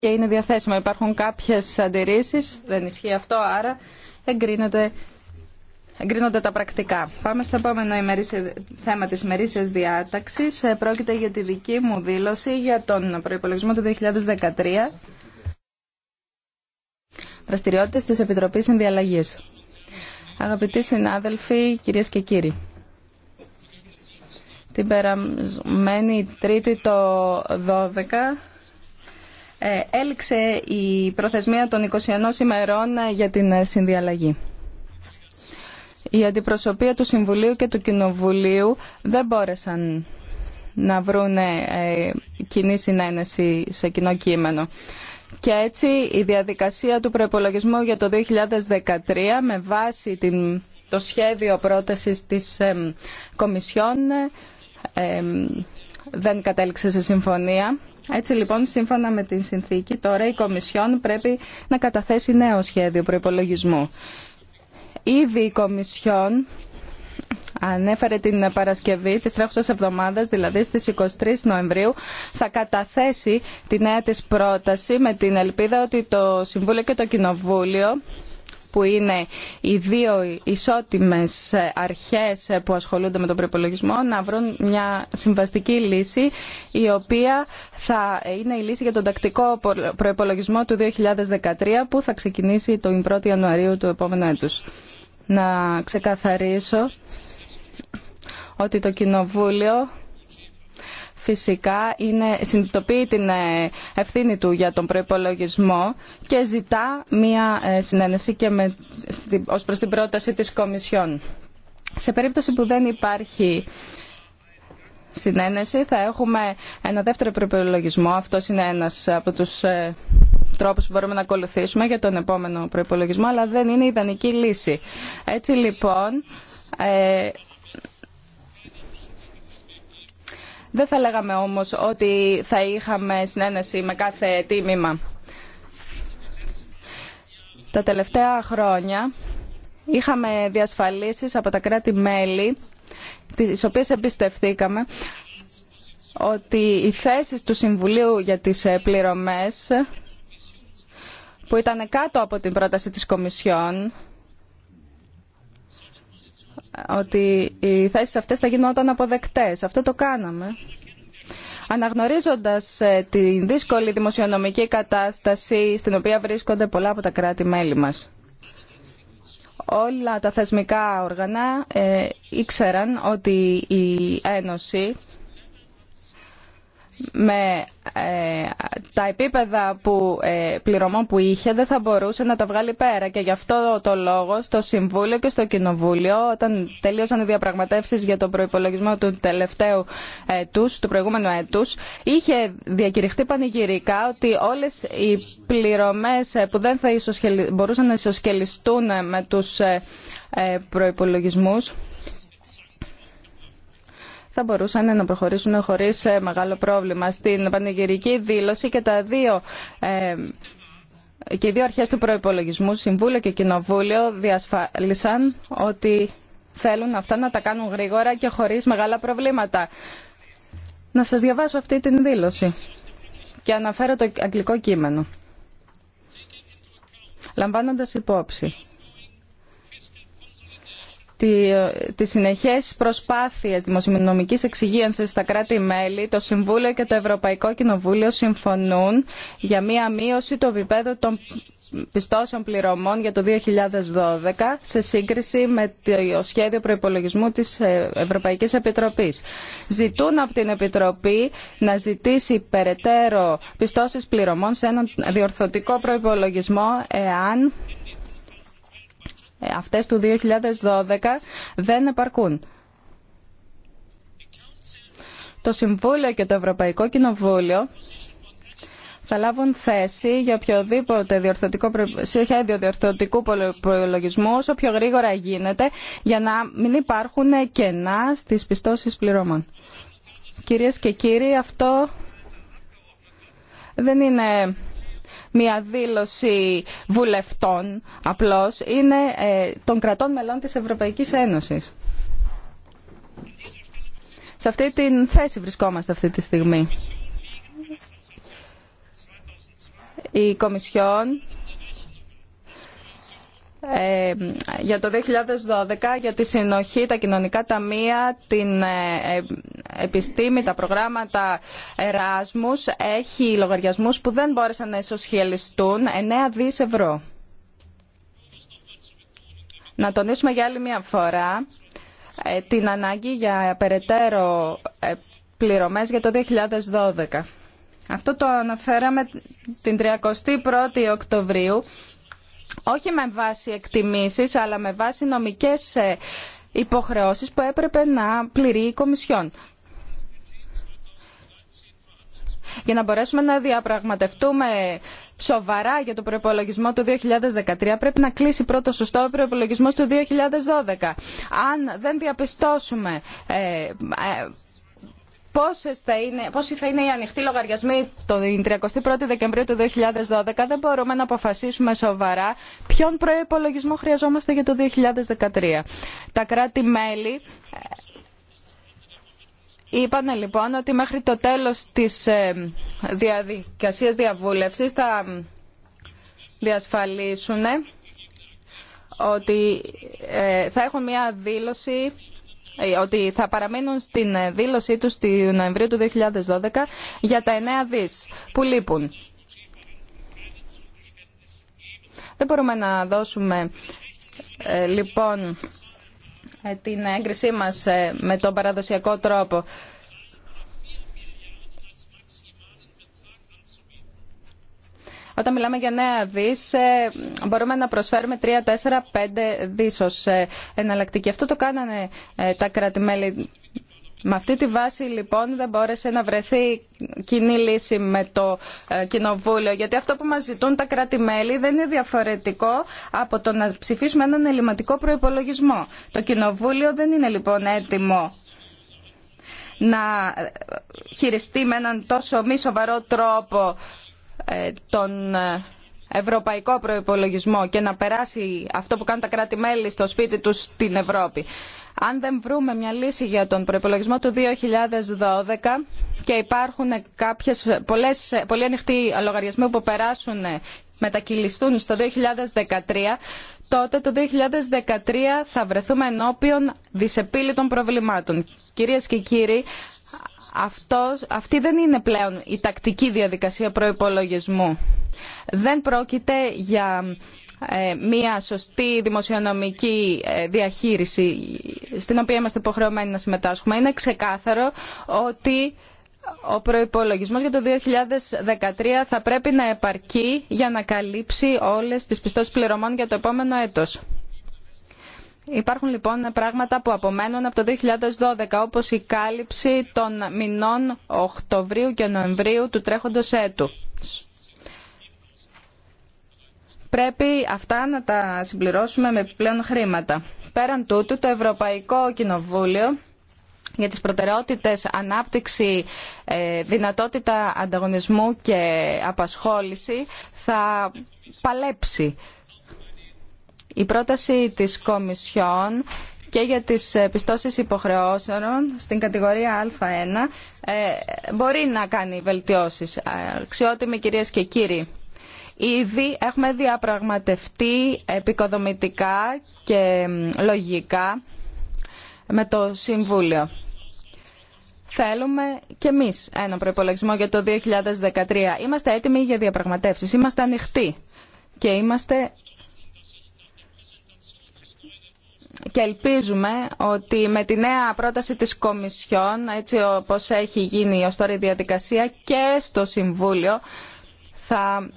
και είναι διαθέσιμο. Υπάρχουν κάποιες αντιρρήσεις, δεν ισχύει αυτό, άρα εγκρίνεται, εγκρίνονται τα πρακτικά. Πάμε στο επόμενο θέμα της ημερήσια διάταξης. Ε, πρόκειται για τη δική μου δήλωση για τον προϋπολογισμό του 2013. Δραστηριότητες της Επιτροπής Συνδιαλλαγής. Αγαπητοί συνάδελφοι, κυρίες και κύριοι. Την περασμένη Τρίτη το 12 ε, έληξε η προθεσμία των 21 ημερών ε, για την ε, συνδιαλλαγή. Η αντιπροσωπεία του Συμβουλίου και του Κοινοβουλίου δεν μπόρεσαν να βρουν κοινή συνένεση σε κοινό κείμενο. Και έτσι η διαδικασία του προπολογισμού για το 2013 με βάση την, το σχέδιο πρότασης της Κομισιόν δεν κατέληξε σε συμφωνία έτσι λοιπόν, σύμφωνα με την συνθήκη, τώρα η Κομισιόν πρέπει να καταθέσει νέο σχέδιο προπολογισμού. Ήδη η Κομισιόν ανέφερε την Παρασκευή της τρέχουσας εβδομάδας, δηλαδή στις 23 Νοεμβρίου, θα καταθέσει τη νέα της πρόταση με την ελπίδα ότι το Συμβούλιο και το Κοινοβούλιο που είναι οι δύο ισότιμες ε, αρχές ε, που ασχολούνται με τον προπολογισμό να βρουν μια συμβαστική λύση η οποία θα ε, είναι η λύση για τον τακτικό προπολογισμό του 2013 που θα ξεκινήσει τον 1η Ιανουαρίου του επόμενου έτους. Να ξεκαθαρίσω ότι το Κοινοβούλιο φυσικά είναι, συνειδητοποιεί την ε, ευθύνη του για τον προπολογισμό και ζητά μία ε, συνένεση και με, ως προς την πρόταση της Κομισιόν. Σε περίπτωση που δεν υπάρχει συνένεση θα έχουμε ένα δεύτερο προπολογισμό. Αυτό είναι ένας από τους ε, τρόπους που μπορούμε να ακολουθήσουμε για τον επόμενο προϋπολογισμό, αλλά δεν είναι ιδανική λύση. Έτσι λοιπόν Δεν θα λέγαμε όμως ότι θα είχαμε συνένεση με κάθε τίμημα. Τα τελευταία χρόνια είχαμε διασφαλίσεις από τα κράτη-μέλη, τις οποίες εμπιστευτήκαμε, ότι οι θέσεις του Συμβουλίου για τις ε, πληρωμές, που ήταν κάτω από την πρόταση της Κομισιόν, ότι οι θέσεις αυτές θα γινόταν αποδεκτές. Αυτό το κάναμε. Αναγνωρίζοντας ε, τη δύσκολη δημοσιονομική κατάσταση στην οποία βρίσκονται πολλά από τα κράτη-μέλη μας. Όλα τα θεσμικά οργανά ε, ήξεραν ότι η Ένωση με ε, τα επίπεδα που, ε, πληρωμών που είχε δεν θα μπορούσε να τα βγάλει πέρα και γι' αυτό το λόγο στο Συμβούλιο και στο Κοινοβούλιο όταν τελείωσαν οι διαπραγματεύσεις για το προϋπολογισμό του τελευταίου έτους, του προηγούμενου έτους είχε διακηρυχθεί πανηγυρικά ότι όλες οι πληρωμές που δεν θα μπορούσαν να ισοσκελιστούν με τους ε, ε θα μπορούσαν να προχωρήσουν χωρίς ε, μεγάλο πρόβλημα. Στην πανηγυρική δήλωση και τα δύο ε, και οι δύο αρχές του προϋπολογισμού, Συμβούλιο και Κοινοβούλιο, διασφάλισαν ότι θέλουν αυτά να τα κάνουν γρήγορα και χωρίς μεγάλα προβλήματα. Να σας διαβάσω αυτή την δήλωση και αναφέρω το αγγλικό κείμενο. Λαμβάνοντας υπόψη ε, τις συνεχές προσπάθειες δημοσιονομικής εξυγίανσης στα κράτη-μέλη, το Συμβούλιο και το Ευρωπαϊκό Κοινοβούλιο συμφωνούν για μία μείωση του επίπεδου των πιστώσεων πληρωμών για το 2012 σε σύγκριση με το σχέδιο προϋπολογισμού της ε, Ευρωπαϊκής Επιτροπής. Ζητούν από την Επιτροπή να ζητήσει περαιτέρω πιστώσεις πληρωμών σε έναν διορθωτικό προϋπολογισμό εάν αυτές του 2012 δεν επαρκούν. Το Συμβούλιο και το Ευρωπαϊκό Κοινοβούλιο θα λάβουν θέση για οποιοδήποτε διορθωτικό, σχέδιο διορθωτικού προλογισμού όσο πιο γρήγορα γίνεται για να μην υπάρχουν κενά στις πιστώσεις πληρώμων. Κυρίες και κύριοι, αυτό δεν είναι μια δήλωση βουλευτών απλώς, είναι ε, των κρατών μελών της Ευρωπαϊκής Ένωσης. Σε αυτή την θέση βρισκόμαστε αυτή τη στιγμή. Η Κομισιόν ε, για το 2012 για τη συνοχή, τα κοινωνικά ταμεία, την ε, επιστήμη, τα προγράμματα Εράσμους έχει λογαριασμούς που δεν μπόρεσαν να ισοσχελιστούν 9 δις ευρώ. Να τονίσουμε για άλλη μια φορά ε, την ανάγκη για περαιτέρω ε, πληρωμές για το 2012. Αυτό το αναφέραμε την 31η Οκτωβρίου, όχι με βάση εκτιμήσεις, αλλά με βάση νομικές ε, υποχρεώσεις που έπρεπε να πληρεί η Κομισιόν για να μπορέσουμε να διαπραγματευτούμε σοβαρά για το προπολογισμό του 2013 πρέπει να κλείσει πρώτο σωστό ο προπολογισμό του 2012. Αν δεν διαπιστώσουμε ε, ε θα είναι, πόσοι θα είναι οι ανοιχτοί λογαριασμοί τον 31η Δεκεμβρίου του 2012 δεν μπορούμε να αποφασίσουμε σοβαρά ποιον προϋπολογισμό χρειαζόμαστε για το 2013. Τα κράτη-μέλη Είπανε λοιπόν ότι μέχρι το τέλος της ε, διαδικασίας διαβούλευσης θα διασφαλίσουν ότι ε, θα έχουν μια δήλωση ε, ότι θα παραμείνουν στην δήλωσή τους του Νοεμβρίου του 2012 για τα 9 δις που λείπουν. Δεν μπορούμε να δώσουμε λοιπόν ε, την έγκρισή μας ε, με τον παραδοσιακό τρόπο. Όταν μιλάμε για νέα δις, ε, μπορούμε να προσφέρουμε 3, 4, 5 δις ως εναλλακτική. Αυτό το κάνανε τα κράτη-μέλη με αυτή τη βάση λοιπόν δεν μπόρεσε να βρεθεί κοινή λύση με το ε, Κοινοβούλιο γιατί αυτό που μας ζητούν τα κράτη-μέλη δεν είναι διαφορετικό από το να ψηφίσουμε έναν ελληματικό προϋπολογισμό. Το Κοινοβούλιο δεν είναι λοιπόν έτοιμο να ε, χειριστεί με έναν τόσο μη σοβαρό τρόπο ε, τον ευρωπαϊκό προπολογισμό και να περάσει αυτό που κάνουν τα κράτη-μέλη στο σπίτι τους στην Ευρώπη. Αν δεν βρούμε μια λύση για τον προπολογισμό του 2012 και υπάρχουν κάποιες, πολλές, ανοιχτοί λογαριασμοί που περάσουν μετακυλιστούν στο 2013, τότε το 2013 θα βρεθούμε ενώπιον δυσεπίλητων προβλημάτων. Κυρίες και κύριοι, αυτός, αυτή δεν είναι πλέον η τακτική διαδικασία προϋπολογισμού. Δεν πρόκειται για ε, μια σωστή δημοσιονομική ε, διαχείριση στην οποία είμαστε υποχρεωμένοι να συμμετάσχουμε. Είναι ξεκάθαρο ότι ο προϋπολογισμός για το 2013 θα πρέπει να επαρκεί για να καλύψει όλες τις πιστώσεις πληρωμών για το επόμενο έτος. Υπάρχουν λοιπόν πράγματα που απομένουν από το 2012, όπως η κάλυψη των μηνών Οκτωβρίου και Νοεμβρίου του τρέχοντος έτου. Πρέπει αυτά να τα συμπληρώσουμε με πλέον χρήματα. Πέραν τούτου, το Ευρωπαϊκό Κοινοβούλιο για τις προτεραιότητες ανάπτυξη, ε, δυνατότητα ανταγωνισμού και απασχόληση θα παλέψει η πρόταση της Κομισιόν και για τις ε, πιστώσεις υποχρεώσεων στην κατηγορία Α1 ε, μπορεί να κάνει βελτιώσεις. Ε, αξιότιμοι κυρίες και κύριοι, ήδη έχουμε διαπραγματευτεί επικοδομητικά και λογικά με το Συμβούλιο. Θέλουμε κι εμείς ένα προπολογισμό για το 2013. Είμαστε έτοιμοι για διαπραγματεύσεις, είμαστε ανοιχτοί και είμαστε και ελπίζουμε ότι με τη νέα πρόταση της Κομισιόν, έτσι όπως έχει γίνει ως τώρα η διαδικασία και στο Συμβούλιο, θα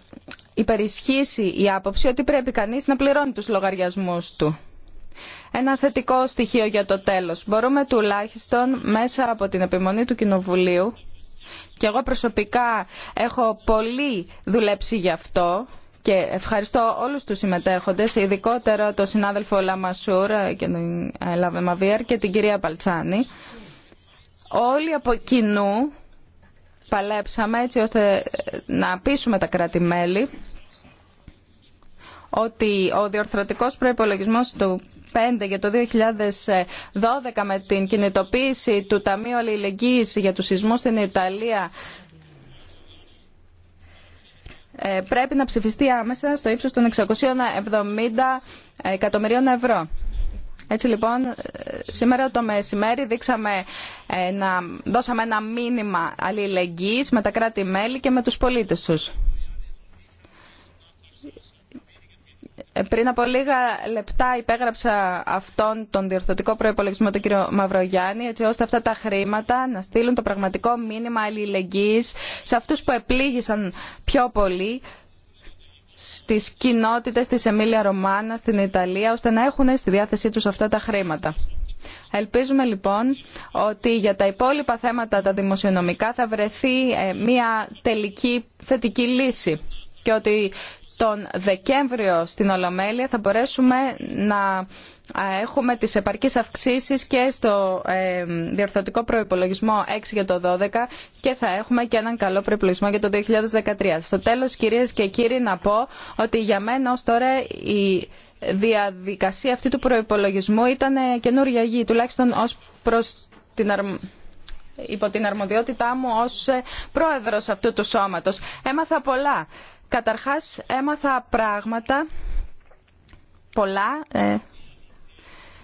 υπερισχύσει η άποψη ότι πρέπει κανείς να πληρώνει τους λογαριασμούς του. Ένα θετικό στοιχείο για το τέλος. Μπορούμε τουλάχιστον μέσα από την επιμονή του Κοινοβουλίου και εγώ προσωπικά έχω πολύ δουλέψει γι' αυτό και ευχαριστώ όλους τους συμμετέχοντες, ειδικότερα τον συνάδελφο Λαμασούρ και τον ε, Λαβεμαβίαρ και την κυρία Παλτσάνη. Όλοι από κοινού παλέψαμε έτσι ώστε ε, να πείσουμε τα κράτη-μέλη ότι ο διορθωτικός προϋπολογισμός του 5 για το 2012 με την κινητοποίηση του Ταμείου Αλληλεγγύης για τους σεισμούς στην Ιταλία ε, πρέπει να ψηφιστεί άμεσα στο ύψος των 670 εκατομμυρίων ευρώ. Έτσι λοιπόν, ε, σήμερα το μεσημέρι δείξαμε ε, να δώσαμε ένα μήνυμα αλληλεγγύης με τα κράτη-μέλη και με τους πολίτες τους. Ε, πριν από λίγα λεπτά υπέγραψα αυτόν τον διορθωτικό προπολογισμό του κ. Μαυρογιάννη, έτσι ώστε αυτά τα χρήματα να στείλουν το πραγματικό μήνυμα αλληλεγγύης σε αυτούς που επλήγησαν πιο πολύ στις κοινότητες της Εμίλια Ρωμάνα στην Ιταλία, ώστε να έχουν στη διάθεσή τους αυτά τα χρήματα. Ελπίζουμε λοιπόν ότι για τα υπόλοιπα θέματα τα δημοσιονομικά θα βρεθεί ε, μια τελική θετική λύση και ότι τον Δεκέμβριο στην Ολομέλεια θα μπορέσουμε να έχουμε τις επαρκείς αυξήσεις και στο ε, διορθωτικό προϋπολογισμό 6 για το 12 και θα έχουμε και έναν καλό προϋπολογισμό για το 2013. Στο τέλος κυρίες και κύριοι να πω ότι για μένα ως τώρα η διαδικασία αυτή του προϋπολογισμού ήταν ε, καινούργια γη, τουλάχιστον ως προς την υπό την αρμοδιότητά μου ως ε, πρόεδρος αυτού του σώματος. Έμαθα πολλά. Καταρχάς έμαθα πράγματα πολλά ε,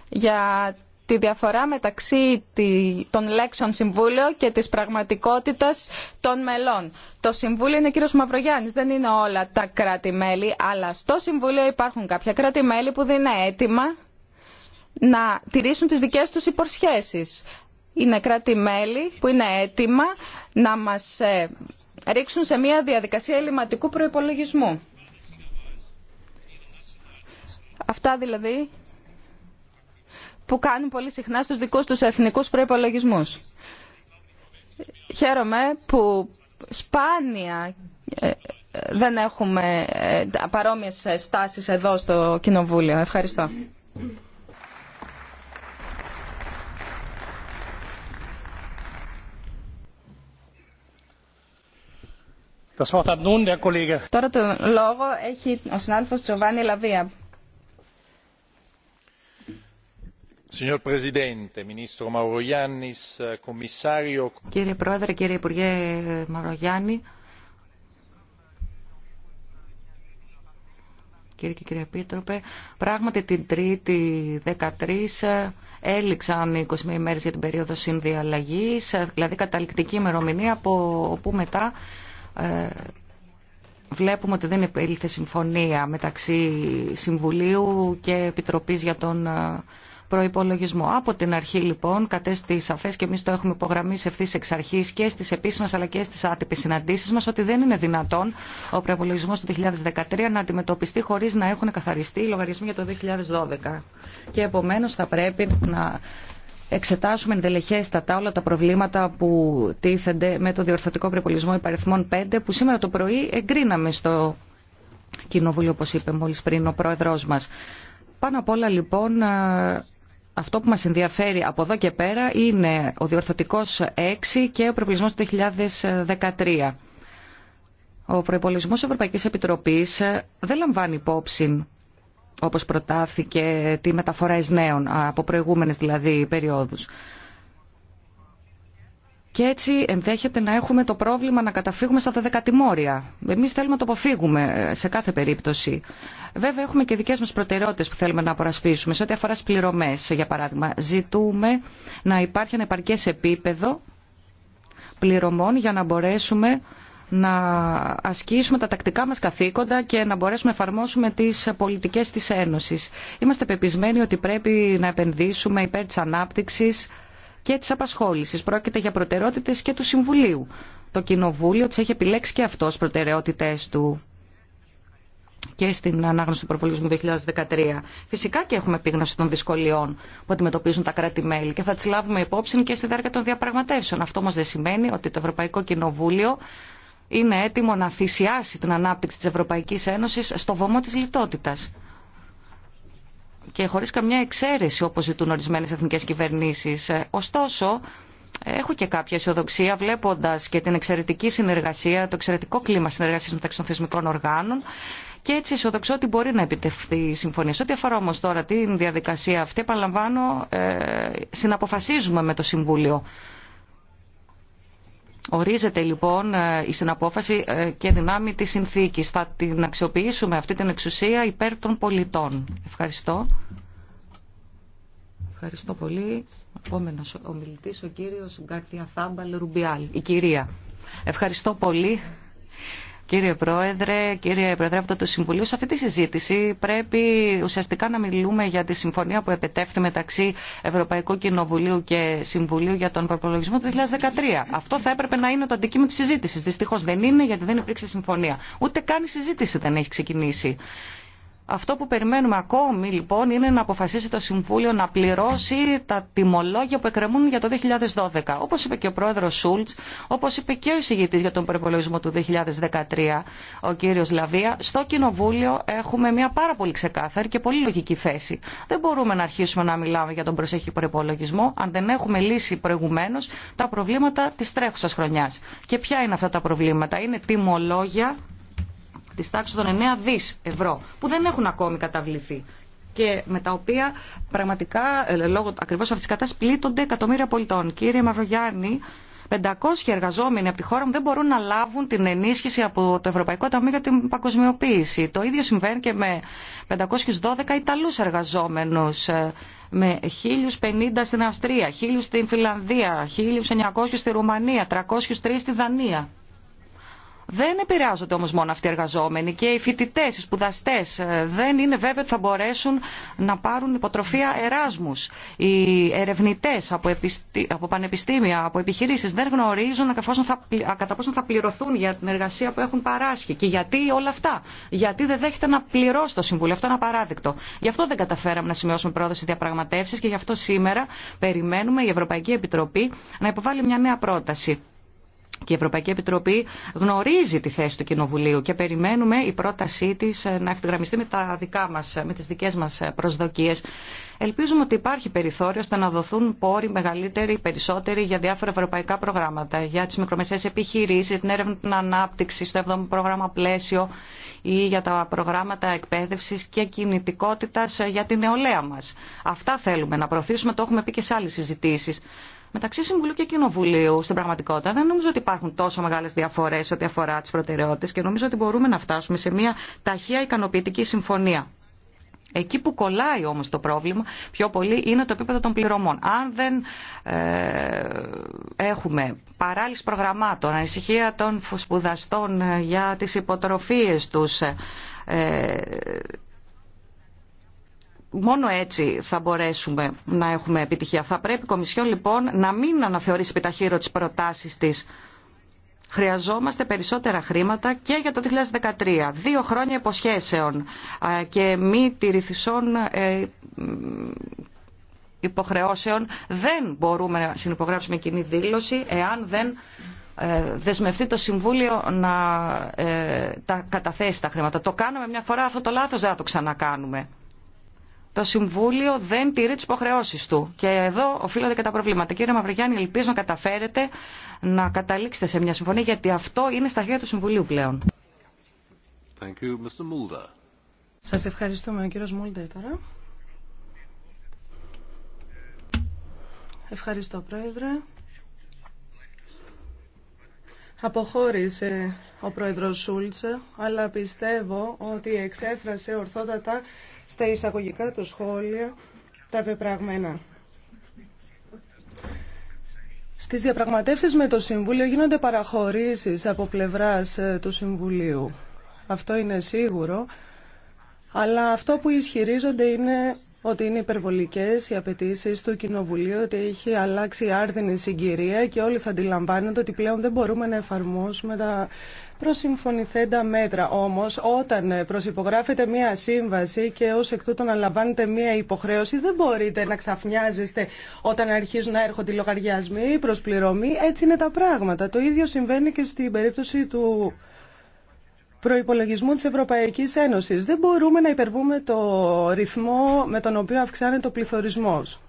για τη διαφορά μεταξύ των λέξεων Συμβούλιο και της πραγματικότητας των μελών. Το Συμβούλιο είναι ο κύριος Μαυρογιάννης, δεν είναι όλα τα κράτη-μέλη, αλλά στο Συμβούλιο υπάρχουν κάποια κράτη-μέλη που δεν είναι έτοιμα να τηρήσουν τις δικές τους υποσχέσεις είναι κράτη-μέλη που είναι έτοιμα να μας ε, ρίξουν σε μια διαδικασία ελληματικού προϋπολογισμού. Αυτά δηλαδή που κάνουν πολύ συχνά στους δικούς τους εθνικούς προϋπολογισμούς. Χαίρομαι που σπάνια ε, δεν έχουμε ε, παρόμοιες στάσεις εδώ στο Κοινοβούλιο. Ευχαριστώ. Τώρα το λόγο έχει ο συνάδελφος Τζοβάνι Λαβία. Κύριε Πρόεδρε, κύριε Υπουργέ Μαυρογιάννη, κύριε και κύριε Επίτροπε, πράγματι την Τρίτη 13 έληξαν οι 21 ημέρες για την περίοδο συνδιαλλαγής, δηλαδή καταληκτική ημερομηνία από όπου μετά ε, βλέπουμε ότι δεν επήλθε συμφωνία μεταξύ Συμβουλίου και Επιτροπής για τον ε, προϋπολογισμό. Από την αρχή λοιπόν κατέστη σαφές και εμείς το έχουμε υπογραμμίσει ευθύ εξ αρχής και στις επίσημες αλλά και στις άτυπες συναντήσεις μας ότι δεν είναι δυνατόν ο προϋπολογισμός του 2013 να αντιμετωπιστεί χωρίς να έχουν καθαριστεί οι λογαριασμοί για το 2012. Και επομένως θα πρέπει να εξετάσουμε εντελεχέστατα όλα τα προβλήματα που τίθενται με το διορθωτικό προπολισμό υπαριθμών 5 που σήμερα το πρωί εγκρίναμε στο Κοινοβούλιο, όπως είπε μόλις πριν ο Πρόεδρός μας. Πάνω απ' όλα λοιπόν αυτό που μας ενδιαφέρει από εδώ και πέρα είναι ο διορθωτικός 6 και ο προπολισμός του 2013. Ο προπολογισμό Ευρωπαϊκής Επιτροπής δεν λαμβάνει υπόψη όπως προτάθηκε τη μεταφορά νέων από προηγούμενες δηλαδή περιόδους. Και έτσι ενδέχεται να έχουμε το πρόβλημα να καταφύγουμε στα δεκατημόρια. Εμείς θέλουμε να το αποφύγουμε ε, σε κάθε περίπτωση. Βέβαια, έχουμε και δικές μας προτεραιότητες που θέλουμε να απορασπίσουμε. Σε ό,τι αφορά στις πληρωμέ, για παράδειγμα, ζητούμε να υπάρχει ένα επαρκές επίπεδο πληρωμών για να μπορέσουμε να ασκήσουμε τα τακτικά μας καθήκοντα και να μπορέσουμε να εφαρμόσουμε τις πολιτικές της Ένωσης. Είμαστε πεπισμένοι ότι πρέπει να επενδύσουμε υπέρ της ανάπτυξης και της απασχόλησης. Πρόκειται για προτεραιότητες και του Συμβουλίου. Το Κοινοβούλιο τις έχει επιλέξει και αυτό προτεραιότητες του και στην ανάγνωση του προπολογισμού 2013. Φυσικά και έχουμε επίγνωση των δυσκολιών που αντιμετωπίζουν τα κράτη-μέλη και θα τι λάβουμε υπόψη και στη διάρκεια των διαπραγματεύσεων. Αυτό όμω δεν σημαίνει ότι το Ευρωπαϊκό Κοινοβούλιο είναι έτοιμο να θυσιάσει την ανάπτυξη της Ευρωπαϊκής Ένωσης στο βωμό της λιτότητας. Και χωρίς καμιά εξαίρεση όπως ζητούν ορισμένες εθνικές κυβερνήσεις. Ε, ωστόσο, έχω και κάποια αισιοδοξία βλέποντας και την εξαιρετική συνεργασία, το εξαιρετικό κλίμα συνεργασίας μεταξύ των θεσμικών οργάνων και έτσι αισιοδοξώ ότι μπορεί να επιτευχθεί η συμφωνία. Σε ό,τι αφορά όμω τώρα την διαδικασία αυτή, επαναλαμβάνω, ε, συναποφασίζουμε με το Συμβούλιο. Ορίζεται λοιπόν ε, η συναπόφαση ε, και δυνάμει της συνθήκης. Θα την αξιοποιήσουμε αυτή την εξουσία υπέρ των πολιτών. Ευχαριστώ. Ευχαριστώ πολύ. Επόμενο ομιλητή, ο κύριο Γκάρτια Θάμπαλ Ρουμπιάλ. Η κυρία. Ευχαριστώ πολύ. Κύριε Πρόεδρε, κύριε Προεδρεύοντα του Συμβουλίου, σε αυτή τη συζήτηση πρέπει ουσιαστικά να μιλούμε για τη συμφωνία που επετέφθη μεταξύ Ευρωπαϊκού Κοινοβουλίου και Συμβουλίου για τον προπολογισμό του 2013. Αυτό θα έπρεπε να είναι το αντικείμενο τη συζήτηση. Δυστυχώ δεν είναι γιατί δεν υπήρξε συμφωνία. Ούτε καν η συζήτηση δεν έχει ξεκινήσει. Αυτό που περιμένουμε ακόμη λοιπόν είναι να αποφασίσει το Συμβούλιο να πληρώσει τα τιμολόγια που εκκρεμούν για το 2012. Όπως είπε και ο πρόεδρος Σούλτς, όπως είπε και ο εισηγητής για τον προπολογισμό του 2013, ο κύριος Λαβία, στο Κοινοβούλιο έχουμε μια πάρα πολύ ξεκάθαρη και πολύ λογική θέση. Δεν μπορούμε να αρχίσουμε να μιλάμε για τον προσέχη προπολογισμό αν δεν έχουμε λύσει προηγουμένω τα προβλήματα της τρέχουσας χρονιάς. Και ποια είναι αυτά τα προβλήματα. Είναι τιμολόγια Τη τάξη των 9 δι ευρώ που δεν έχουν ακόμη καταβληθεί και με τα οποία πραγματικά ε, λόγω ακριβώ αυτή τη κατάσταση, πλήττονται εκατομμύρια πολιτών. Κύριε Μαυρογιάννη, 500 εργαζόμενοι από τη χώρα μου δεν μπορούν να λάβουν την ενίσχυση από το Ευρωπαϊκό Ταμείο για την Παγκοσμιοποίηση. Το ίδιο συμβαίνει και με 512 ιταλού εργαζόμενου. Ε, με 1.050 στην Αυστρία, 1.000 στην Φιλανδία, 1.900 στη Ρουμανία, 303 στη Δανία. Δεν επηρεάζονται όμω μόνο αυτοί οι εργαζόμενοι και οι φοιτητέ, οι σπουδαστέ, ε, δεν είναι βέβαιο ότι θα μπορέσουν να πάρουν υποτροφία εράσμου. Οι ερευνητέ από, από πανεπιστήμια, από επιχειρήσει δεν γνωρίζουν θα... κατά πόσο θα πληρωθούν για την εργασία που έχουν παράσχει. Και γιατί όλα αυτά. Γιατί δεν δέχεται να πληρώσει το Συμβούλιο. Αυτό είναι απαράδεκτο. Γι' αυτό δεν καταφέραμε να σημειώσουμε πρόοδο διαπραγματεύσει και γι' αυτό σήμερα περιμένουμε η Ευρωπαϊκή Επιτροπή να υποβάλει μια νέα πρόταση και η Ευρωπαϊκή Επιτροπή γνωρίζει τη θέση του Κοινοβουλίου και περιμένουμε η πρότασή τη ε, να ευθυγραμμιστεί με, τα δικά μας, με τις δικές μας ε, προσδοκίες. Ελπίζουμε ότι υπάρχει περιθώριο ώστε να δοθούν πόροι μεγαλύτεροι, περισσότεροι για διάφορα ευρωπαϊκά προγράμματα, για τι μικρομεσαίες επιχειρήσει, την έρευνα, την ανάπτυξη, στο 7ο πρόγραμμα πλαίσιο ή για τα προγράμματα εκπαίδευση και κινητικότητα ε, για την νεολαία μα. Αυτά θέλουμε να προωθήσουμε, το έχουμε πει και σε άλλε συζητήσει μεταξύ Συμβουλίου και Κοινοβουλίου στην πραγματικότητα δεν νομίζω ότι υπάρχουν τόσο μεγάλε διαφορέ ό,τι αφορά τι προτεραιότητε και νομίζω ότι μπορούμε να φτάσουμε σε μια ταχεία ικανοποιητική συμφωνία. Εκεί που κολλάει όμως το πρόβλημα πιο πολύ είναι το επίπεδο των πληρωμών. Αν δεν ε, έχουμε παράλυση προγραμμάτων, ανησυχία των σπουδαστών ε, για τι υποτροφίε του. Ε, μόνο έτσι θα μπορέσουμε να έχουμε επιτυχία. Θα πρέπει η Κομισιόν λοιπόν να μην αναθεωρήσει επιταχύρω τις προτάσεις της. Χρειαζόμαστε περισσότερα χρήματα και για το 2013. Δύο χρόνια υποσχέσεων και μη τηρηθισών ε, υποχρεώσεων. Δεν μπορούμε να συνυπογράψουμε κοινή δήλωση εάν δεν ε, δεσμευτεί το Συμβούλιο να ε, τα καταθέσει τα χρήματα. Το κάναμε μια φορά αυτό το λάθος, δεν θα το ξανακάνουμε το Συμβούλιο δεν τηρεί τι υποχρεώσει του. Και εδώ οφείλονται και τα προβλήματα. Κύριε Μαυρογιάννη, ελπίζω να καταφέρετε να καταλήξετε σε μια συμφωνία, γιατί αυτό είναι στα χέρια του Συμβουλίου πλέον. Thank Σας ευχαριστούμε. Ο κύριος Μούλτερ τώρα. Ευχαριστώ, Πρόεδρε. Αποχώρησε ο πρόεδρος Σούλτσε, αλλά πιστεύω ότι εξέφρασε ορθότατα στα εισαγωγικά του σχόλια τα πεπραγμένα. Στις διαπραγματεύσεις με το Συμβούλιο γίνονται παραχωρήσεις από πλευράς ε, του Συμβουλίου. Αυτό είναι σίγουρο, αλλά αυτό που ισχυρίζονται είναι ότι είναι υπερβολικές οι απαιτήσει του Κοινοβουλίου, ότι έχει αλλάξει άρδινη συγκυρία και όλοι θα αντιλαμβάνονται ότι πλέον δεν μπορούμε να εφαρμόσουμε τα προσυμφωνηθέντα μέτρα. Όμως, όταν προσυπογράφετε μία σύμβαση και ω εκ τούτου λαμβάνετε μία υποχρέωση, δεν μπορείτε να ξαφνιάζεστε όταν αρχίζουν να έρχονται λογαριασμοί ή η η Έτσι είναι τα πράγματα. Το ίδιο συμβαίνει και στην περίπτωση του προϋπολογισμού της Ευρωπαϊκής Ένωσης. Δεν μπορούμε να υπερβούμε το ρυθμό με τον οποίο αυξάνεται ο πληθωρισμός.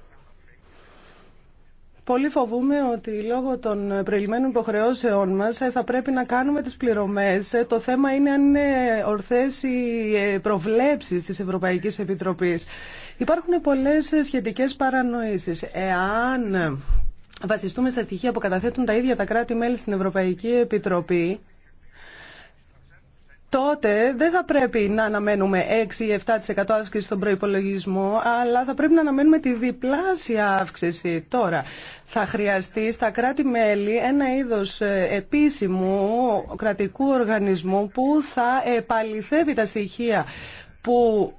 Πολύ φοβούμε ότι λόγω των προηγουμένων υποχρεώσεών μας θα πρέπει να κάνουμε τις πληρωμές. Το θέμα είναι αν είναι ορθές οι ε, προβλέψεις της Ευρωπαϊκής Επιτροπής. Υπάρχουν πολλές σχετικές παρανοήσεις. Εάν βασιστούμε στα στοιχεία που καταθέτουν τα ίδια τα κράτη-μέλη στην Ευρωπαϊκή Επιτροπή, τότε δεν θα πρέπει να αναμένουμε 6 ή 7% αύξηση στον προϋπολογισμό, αλλά θα πρέπει να αναμένουμε τη διπλάσια αύξηση τώρα. Θα χρειαστεί στα κράτη-μέλη ένα είδος ε, επίσημου κρατικού οργανισμού που θα επαληθεύει τα στοιχεία που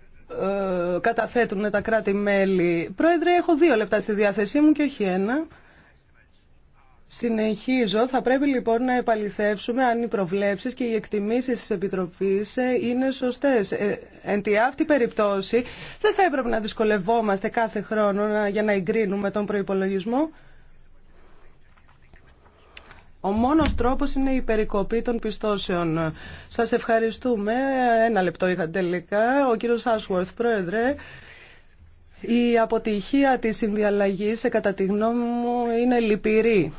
ε, καταθέτουν τα κράτη-μέλη. Πρόεδρε, έχω δύο λεπτά στη διάθεσή μου και όχι ένα. Συνεχίζω. Θα πρέπει λοιπόν να επαληθεύσουμε αν οι προβλέψεις και οι εκτιμήσεις της Επιτροπής ε, είναι σωστές. Ε, εν τη αυτή περιπτώση δεν θα έπρεπε να δυσκολευόμαστε κάθε χρόνο για να εγκρίνουμε τον προϋπολογισμό. Ο μόνος τρόπος είναι η περικοπή των πιστώσεων. Σας ευχαριστούμε. Ένα λεπτό είχα τελικά. Ο κύριος Άσουαρθ, πρόεδρε. Η αποτυχία της συνδιαλλαγής, ε, κατά τη γνώμη μου, είναι λυπηρή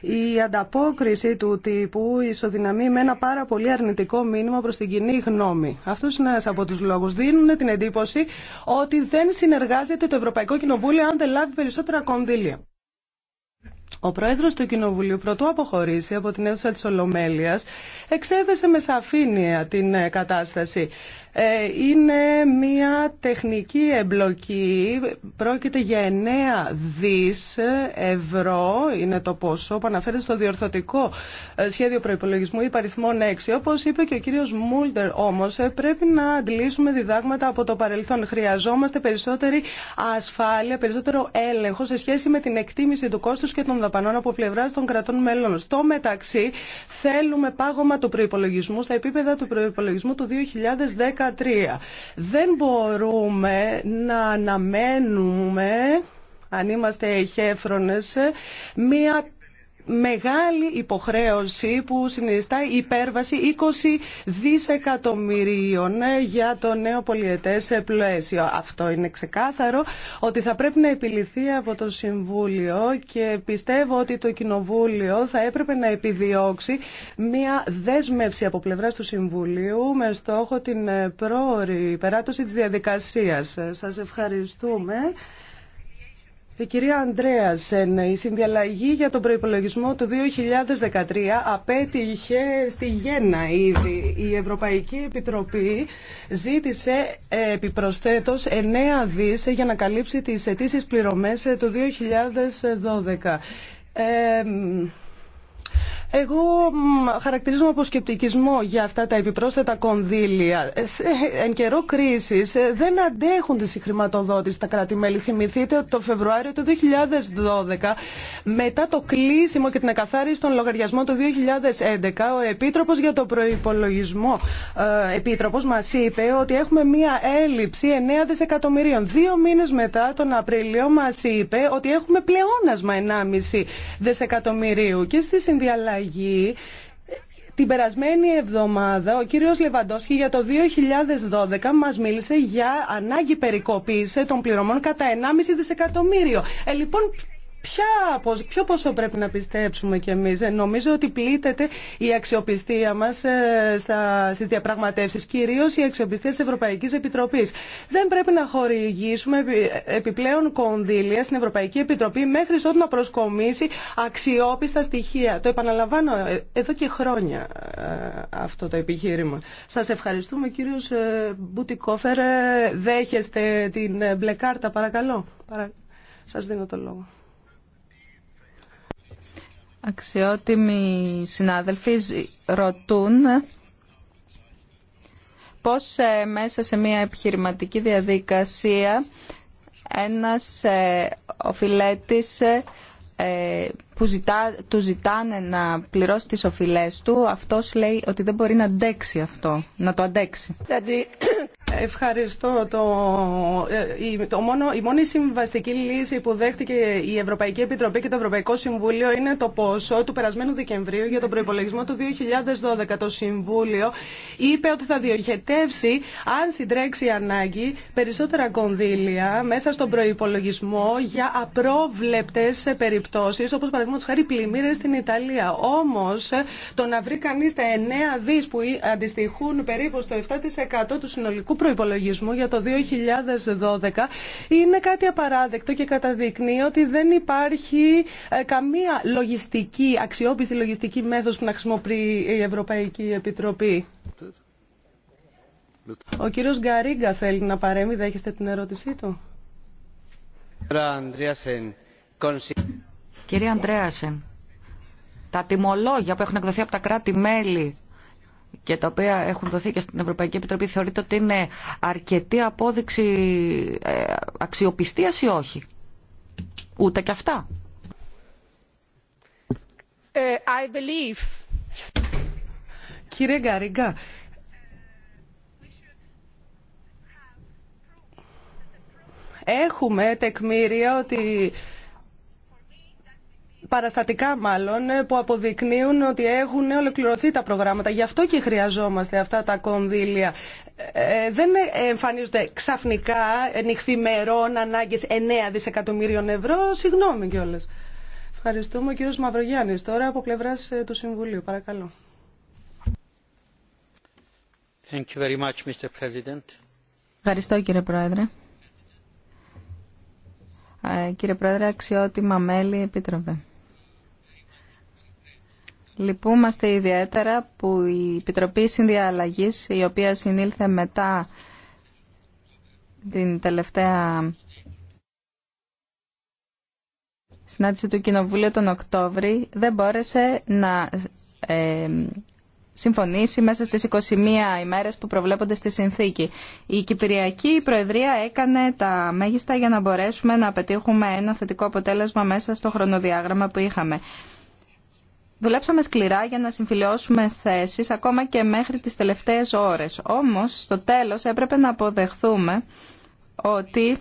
η ανταπόκριση του τύπου ισοδυναμεί με ένα πάρα πολύ αρνητικό μήνυμα προ την κοινή γνώμη. Αυτό είναι ένα από του λόγου Δίνουν την εντύπωση ότι δεν συνεργάζεται το Ευρωπαϊκό Κοινοβούλιο αν δεν λάβει περισσότερα κονδύλια. Ο πρόεδρο του Κοινοβουλίου, πρωτού αποχωρήσει από την αίθουσα τη Ολομέλεια, εξέθεσε με σαφήνεια την κατάσταση. Ε, είναι μια τεχνική εμπλοκή. Πρόκειται για 9 δις ευρώ, είναι το ποσό που αναφέρεται στο διορθωτικό ε, σχέδιο προϋπολογισμού υπαριθμών 6. Όπως είπε και ο κύριος Μούλτερ όμως, ε, πρέπει να αντλήσουμε διδάγματα από το παρελθόν. Χρειαζόμαστε περισσότερη ασφάλεια, περισσότερο έλεγχο σε σχέση με την εκτίμηση του κόστους και των δαπανών από πλευρά των κρατών μέλων. Στο μεταξύ, θέλουμε πάγωμα του προϋπολογισμού στα επίπεδα του προϋπολογισμού του 2010 δεν μπορούμε να αναμένουμε αν είμαστε εχέφρονες, μία μεγάλη υποχρέωση που συνιστά υπέρβαση 20 δισεκατομμυρίων ε, για το νέο πολιετές ε, πλαίσιο. Αυτό είναι ξεκάθαρο ότι θα πρέπει να επιληθεί από το Συμβούλιο και πιστεύω ότι το Κοινοβούλιο θα έπρεπε να επιδιώξει μια δέσμευση από πλευρά του Συμβουλίου με στόχο την ε, πρόορη περάτωση της διαδικασίας. Σας ευχαριστούμε. Η κυρία Ανδρέα, η συνδιαλλαγή για τον προϋπολογισμό του 2013 απέτυχε στη Γέννα ήδη. Η Ευρωπαϊκή Επιτροπή ζήτησε επιπροσθέτω 9 δι για να καλύψει τις αιτήσει πληρωμές του 2012. Εγώ χαρακτηρίζομαι από σκεπτικισμό για αυτά τα επιπρόσθετα κονδύλια. Ε, εν καιρό κρίση ε, δεν αντέχουν τη συγχρηματοδότηση τα κράτη-μέλη. Θυμηθείτε ότι το Φεβρουάριο του 2012, μετά το κλείσιμο και την εκαθάριση των λογαριασμών του 2011, ο Επίτροπο για το Προπολογισμό Επίτροπο μα είπε ότι έχουμε μία έλλειψη 9 δισεκατομμυρίων. Δύο μήνε μετά, τον Απρίλιο, μα είπε ότι έχουμε πλεόνασμα 1,5 δισεκατομμυρίου. Και στη συνδιαλλαγή αλλαγή. Την περασμένη εβδομάδα ο κύριος Λεβαντόσχη για το 2012 μας μίλησε για ανάγκη περικοπής των πληρωμών κατά 1,5 δισεκατομμύριο. Ε, λοιπόν, ποια, ποιο πόσο πρέπει να πιστέψουμε κι εμείς. Ε, νομίζω ότι πλήττεται η αξιοπιστία μας ε, στα, στις διαπραγματεύσεις, κυρίως η αξιοπιστία της Ευρωπαϊκής Επιτροπής. Δεν πρέπει να χορηγήσουμε επιπλέον κονδύλια στην Ευρωπαϊκή Επιτροπή μέχρι ότου να προσκομίσει αξιόπιστα στοιχεία. Το επαναλαμβάνω ε, εδώ και χρόνια αυτό το επιχείρημα. Σας ευχαριστούμε κύριος Μπουτικόφερ. Δέχεστε την μπλε κάρτα παρακαλώ. Σας δίνω το λόγο αξιότιμοι συνάδελφοι ρωτούν πώς ε, μέσα σε μια επιχειρηματική διαδικασία ένας ε, οφειλέτης ε, που του ζητάνε να πληρώσει τις οφειλές του, αυτός λέει ότι δεν μπορεί να αντέξει αυτό, να το αντέξει. Δηλαδή, Ευχαριστώ. Το, ε, το μόνο, η μόνη συμβαστική λύση που δέχτηκε η Ευρωπαϊκή Επιτροπή και το Ευρωπαϊκό Συμβούλιο είναι το ποσό του περασμένου Δεκεμβρίου για τον προπολογισμό του 2012. Το Συμβούλιο είπε ότι θα διοχετεύσει, αν συντρέξει η ανάγκη, περισσότερα κονδύλια μέσα στον προπολογισμό για απρόβλεπτε περιπτώσει, όπω παραδείγματο χάρη πλημμύρε στην Ιταλία. Όμω, το να βρει κανεί τα 9 δι που αντιστοιχούν περίπου στο 7% του συνολικού προϋπολογισμού για το 2012 είναι κάτι απαράδεκτο και καταδεικνύει ότι δεν υπάρχει ε, καμία λογιστική, αξιόπιστη λογιστική μέθοδος που να χρησιμοποιεί η Ευρωπαϊκή Επιτροπή. Ο κύριος Γκαρίγκα θέλει να παρέμει, δέχεστε την ερώτησή του. Κύριε Αντρέασεν, τα τιμολόγια που έχουν εκδοθεί από τα κράτη-μέλη και τα οποία έχουν δοθεί και στην Ευρωπαϊκή Επιτροπή θεωρείται ότι είναι αρκετή απόδειξη ε, αξιοπιστίας ή όχι. Ούτε και αυτά. Ε, I believe. Κύριε Γκαριγκά, έχουμε τεκμήρια ότι παραστατικά μάλλον ε, που αποδεικνύουν ότι έχουν ολοκληρωθεί τα προγράμματα. Γι' αυτό και χρειαζόμαστε αυτά τα κονδύλια. Ε, ε, δεν εμφανίζονται ξαφνικά νυχθημερών ανάγκες 9 δισεκατομμύριων ευρώ. Συγγνώμη κιόλα. Ευχαριστούμε. Ο κύριος Μαυρογιάννης τώρα από πλευράς του Συμβουλίου. Παρακαλώ. Thank you very much, Mr. President. Ευχαριστώ κύριε Πρόεδρε. Κύριε Πρόεδρε, αξιότιμα μέλη, επίτροπε. Λυπούμαστε ιδιαίτερα που η Επιτροπή Συνδιαλλαγής, η οποία συνήλθε μετά την τελευταία συνάντηση του Κοινοβουλίου τον Οκτώβρη, δεν μπόρεσε να ε, συμφωνήσει μέσα στις 21 ημέρες που προβλέπονται στη συνθήκη. Η Κυπριακή Προεδρία έκανε τα μέγιστα για να μπορέσουμε να πετύχουμε ένα θετικό αποτέλεσμα μέσα στο χρονοδιάγραμμα που είχαμε. Δουλέψαμε σκληρά για να συμφιλειώσουμε θέσεις ακόμα και μέχρι τις τελευταίες ώρες. Όμως, στο τέλος έπρεπε να αποδεχθούμε ότι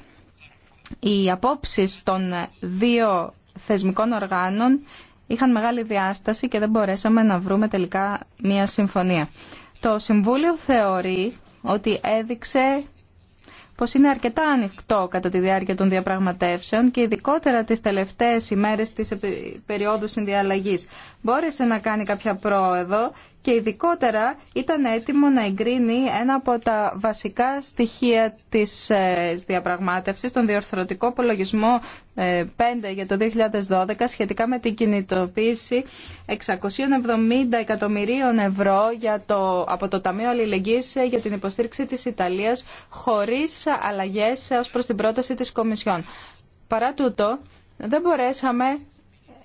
οι απόψεις των δύο θεσμικών οργάνων είχαν μεγάλη διάσταση και δεν μπορέσαμε να βρούμε τελικά μία συμφωνία. Το Συμβούλιο θεωρεί ότι έδειξε Πώ είναι αρκετά ανοιχτό κατά τη διάρκεια των διαπραγματεύσεων και ειδικότερα τις τελευταίες ημέρες της περίοδου συνδιαλλαγή. Μπόρεσε να κάνει κάποια πρόοδο και ειδικότερα ήταν έτοιμο να εγκρίνει ένα από τα βασικά στοιχεία της ε, διαπραγμάτευσης, τον διορθωτικό απολογισμό 5 ε, για το 2012 σχετικά με την κινητοποίηση 670 εκατομμυρίων ευρώ για το, από το Ταμείο Αλληλεγγύης για την υποστήριξη της Ιταλίας χωρίς αλλαγές ως προς την πρόταση της Κομισιόν. Παρά τούτο, δεν μπορέσαμε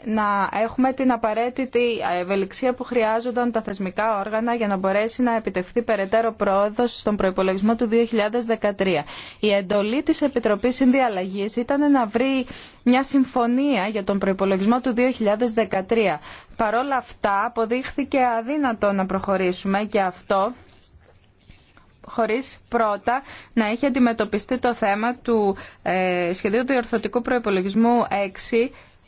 να έχουμε την απαραίτητη ευελιξία που χρειάζονταν τα θεσμικά όργανα για να μπορέσει να επιτευχθεί περαιτέρω πρόοδος στον προϋπολογισμό του 2013. Η εντολή της Επιτροπής Συνδιαλλαγής ήταν να βρει μια συμφωνία για τον προϋπολογισμό του 2013. Παρόλα αυτά αποδείχθηκε αδύνατο να προχωρήσουμε και αυτό χωρίς πρώτα να έχει αντιμετωπιστεί το θέμα του ε, σχεδίου διορθωτικού προϋπολογισμού 6